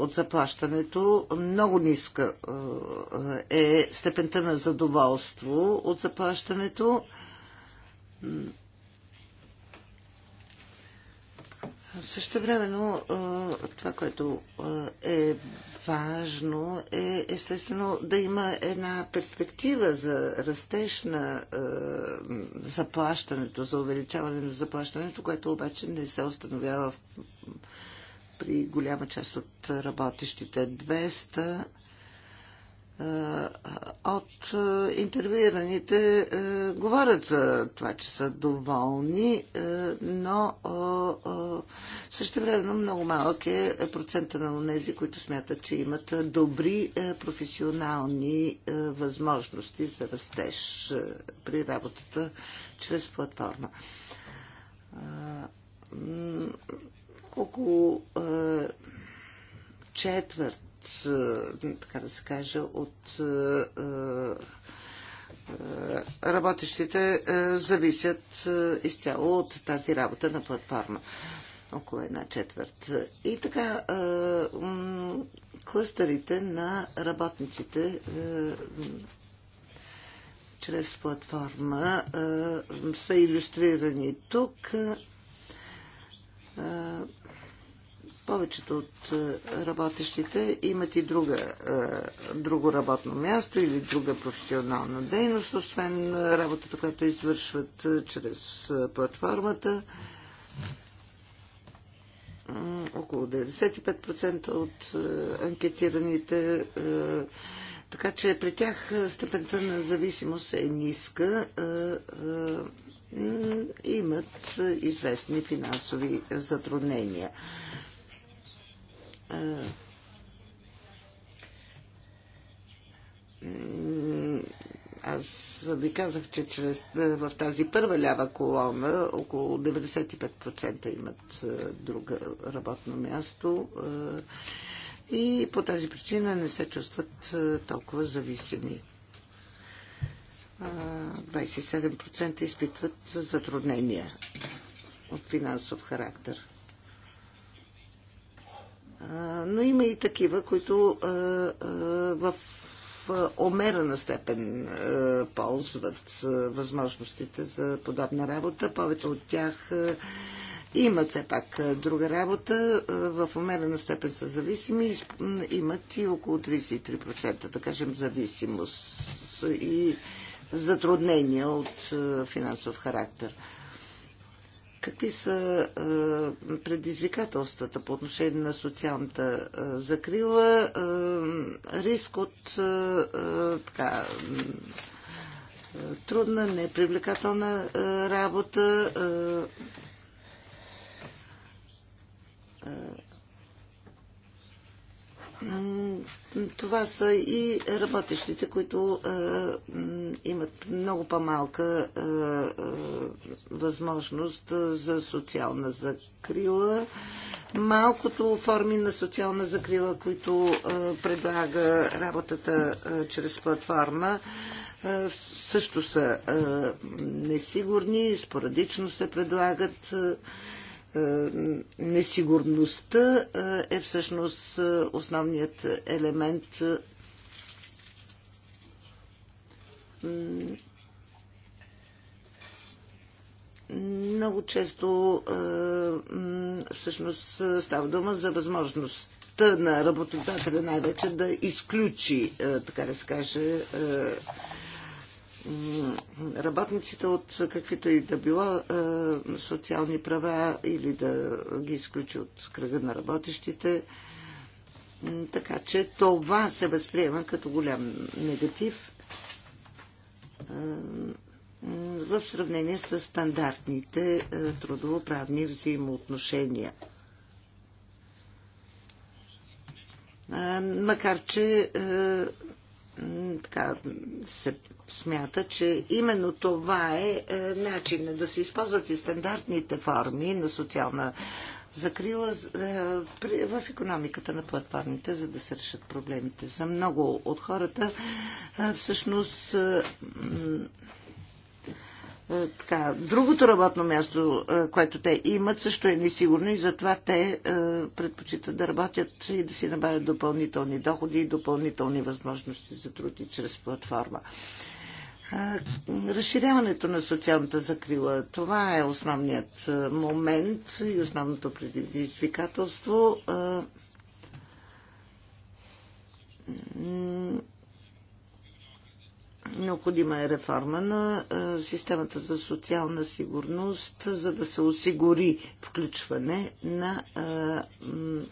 от заплащането. Много ниска е, е степента на задоволство от заплащането. Също времено това, което е важно е естествено да има една перспектива за растеж на заплащането, за увеличаване на заплащането, което обаче не се установява при голяма част от работещите. 200 е, от е, интервюираните е, говорят за това, че са доволни, но също времено много малък е процента на тези, които смятат, че имат добри професионални възможности за растеж при работата чрез платформа. Около четвърт от, е, така да се каже, от е, е, работещите зависят изцяло от тази работа на платформа. Около една четвърт. И така, клъстерите на работниците чрез платформа са иллюстрирани тук. Повечето от е, работещите имат и друга, е, друго работно място или друга професионална дейност, освен работата, която извършват е, чрез платформата. Около 95% от анкетираните така че при тях степента на зависимост е ниска. Имат известни финансови затруднения аз ви казах, че чрез, в тази първа лява колона около 95% имат друга работно място и по тази причина не се чувстват толкова зависими. 27% изпитват затруднения от финансов характер но има и такива, които в омерена степен ползват възможностите за подобна работа. Повече от тях имат все пак друга работа, в умерена степен са зависими, и имат и около 33%, да кажем, зависимост и затруднения от финансов характер. Какви са предизвикателствата по отношение на социалната закрила? Риск от така, трудна, непривлекателна работа. Това са и работещите, които а, е, имат много по-малка а, е, а, е, възможност за социална закрила. Малкото форми на социална закрила, които а, предлага работата а, чрез платформа, а, също са а, несигурни, спорадично се предлагат. А, е, несигурността е, е всъщност е, основният елемент много често всъщност става дума за възможността на работодателя най-вече да изключи, така да се каже, работниците от каквито и да било социални права или да ги изключи от кръга на работещите. Така че това се възприема като голям негатив в сравнение с стандартните трудовоправни взаимоотношения. Макар, че така, се смята, че именно това е, е начин да се използват и стандартните форми на социална закрила е, в економиката на платформите, за да се решат проблемите. За много от хората е, всъщност така, другото работно място, което те имат, също е несигурно и затова те предпочитат да работят и да си набавят допълнителни доходи и допълнителни възможности за труд и чрез платформа. Разширяването на социалната закрила, това е основният момент и основното предизвикателство. Необходима е реформа на системата за социална сигурност, за да се осигури включване на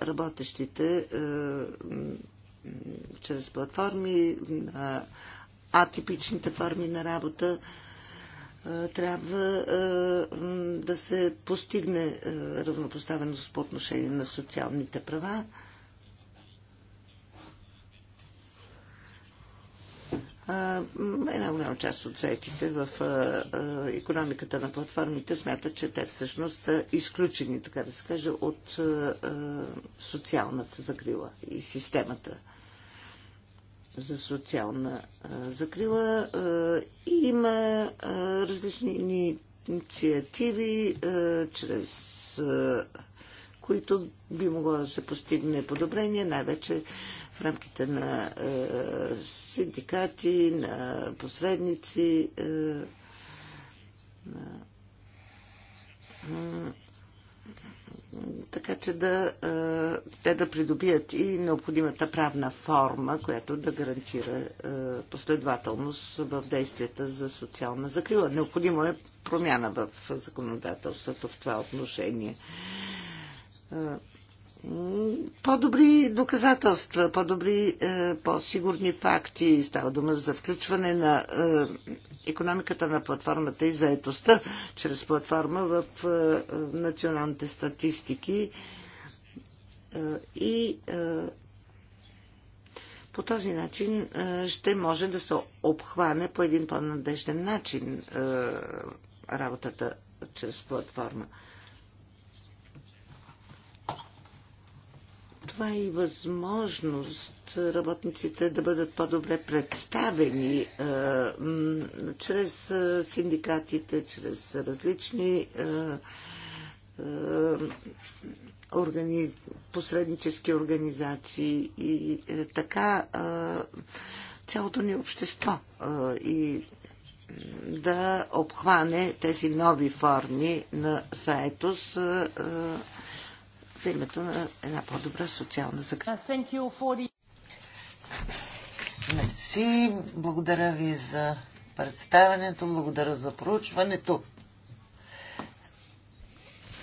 работещите чрез платформи, на атипичните форми на работа. Е, трябва е, да се постигне е, равнопоставеност по отношение на социалните права. една голяма част от заетите в економиката на платформите смятат, че те всъщност са изключени, така да се каже, от социалната закрила и системата за социална закрила. Има различни инициативи, чрез които би могло да се постигне подобрение, най-вече в рамките на синдикати, на посредници, на така че да, е, те да придобият и необходимата правна форма, която да гарантира е, последователност в действията за социална закрила. Необходимо е промяна в законодателството в това отношение. Е, по-добри доказателства, по-добри, е, по-сигурни факти. Става дума за включване на е, економиката на платформата и заетостта чрез платформа в е, националните статистики. И по този начин ще може да се обхване по един по-надежден начин работата чрез платформа. Това е и възможност работниците да бъдат по-добре представени е, чрез е, синдикатите, чрез различни е, е, органи... посреднически организации и е, така е, цялото ни общество е, и да обхване тези нови форми на Сайтос. Е, е, в името на една по-добра социална закрепа. Мерси, благодаря ви за представянето, благодаря за проучването.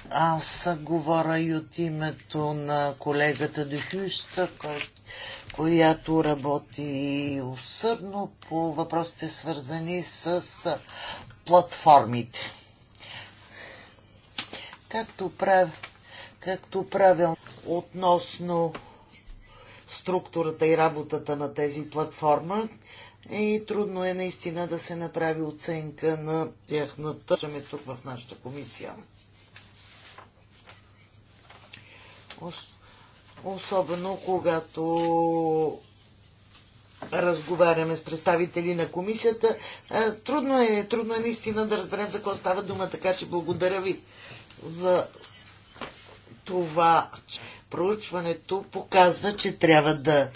Аз говоря и от името на колегата Дехюста, която работи усърдно по въпросите свързани с платформите. Както правя както правилно относно структурата и работата на тези платформа и трудно е наистина да се направи оценка на тяхната тук в нашата комисия. Особено когато разговаряме с представители на комисията. Трудно е, трудно е наистина да разберем за какво става дума, така че благодаря ви за това проучването показва, че трябва да,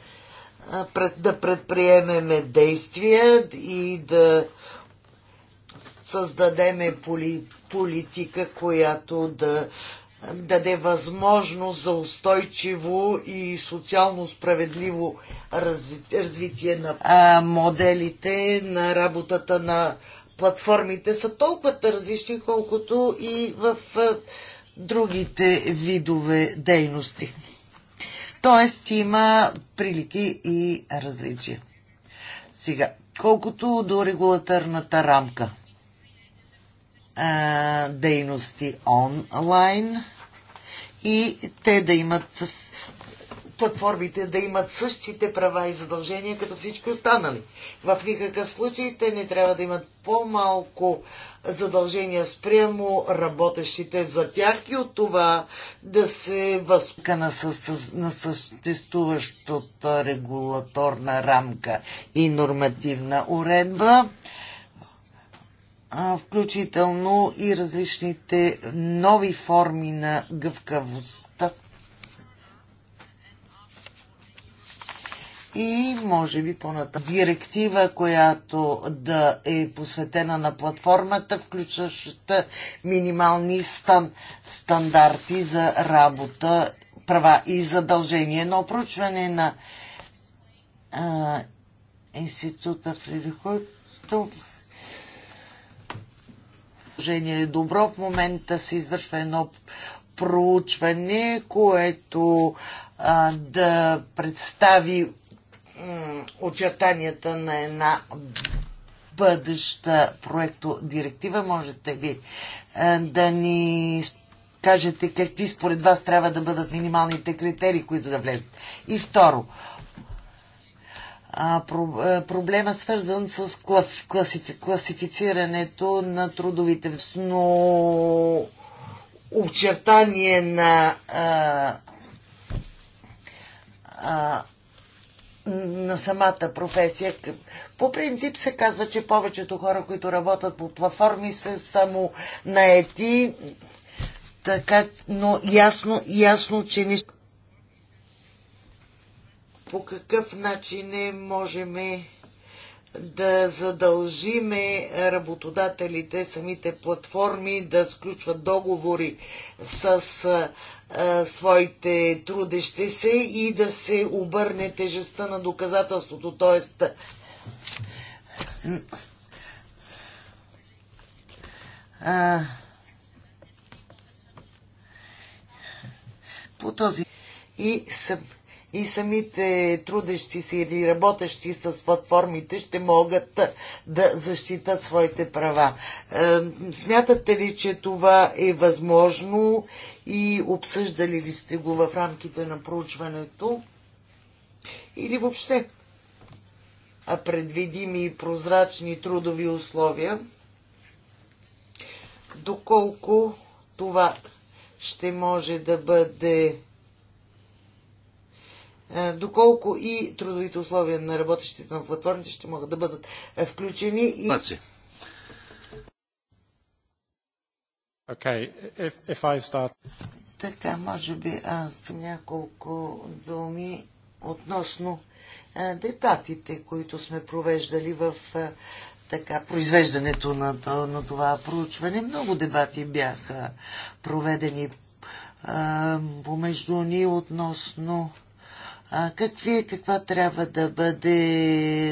да предприемеме действия и да създадеме поли, политика, която да даде възможност за устойчиво и социално справедливо развитие на а, моделите на работата на платформите са толкова различни, колкото и в другите видове дейности. Тоест има прилики и различия. Сега, колкото до регулаторната рамка. дейности онлайн и те да имат платформите да имат същите права и задължения като всички останали. В никакъв случай те не трябва да имат по-малко задължения спрямо работещите за тях и от това да се възка на, със, на съществуващата регулаторна рамка и нормативна уредба включително и различните нови форми на гъвкавостта и може би по натам Директива, която да е посветена на платформата, включваща минимални стан, стандарти за работа, права и задължения. Едно проучване на а, института Фридихойто положение е добро. В момента се извършва едно проучване, което а, да представи очертанията на една бъдеща проекто директива. Можете ли е, да ни кажете какви според вас трябва да бъдат минималните критерии, които да влезат? И второ, е, проблема свързан с класифицирането на трудовите но обчертание на е, а, а, на самата професия. По принцип се казва, че повечето хора, които работят по платформи, са само наети, така, но ясно, ясно, че не... По какъв начин не можем да задължиме работодателите, самите платформи да сключват договори с своите трудещи се и да се обърне тежестта на доказателството. Тоест, по този и съм и самите трудещи се или работещи с платформите ще могат да защитат своите права. Е, смятате ли, че това е възможно и обсъждали ли сте го в рамките на проучването? Или въобще а предвидими и прозрачни трудови условия? Доколко това ще може да бъде е, доколко и трудовите условия на работещите на платформите ще могат да бъдат е, включени. И... Okay, if, if I start... Така, може би аз няколко думи относно е, дебатите, които сме провеждали в така, произвеждането на, на това проучване. Много дебати бяха проведени а, помежду ни относно а какви, каква трябва да бъде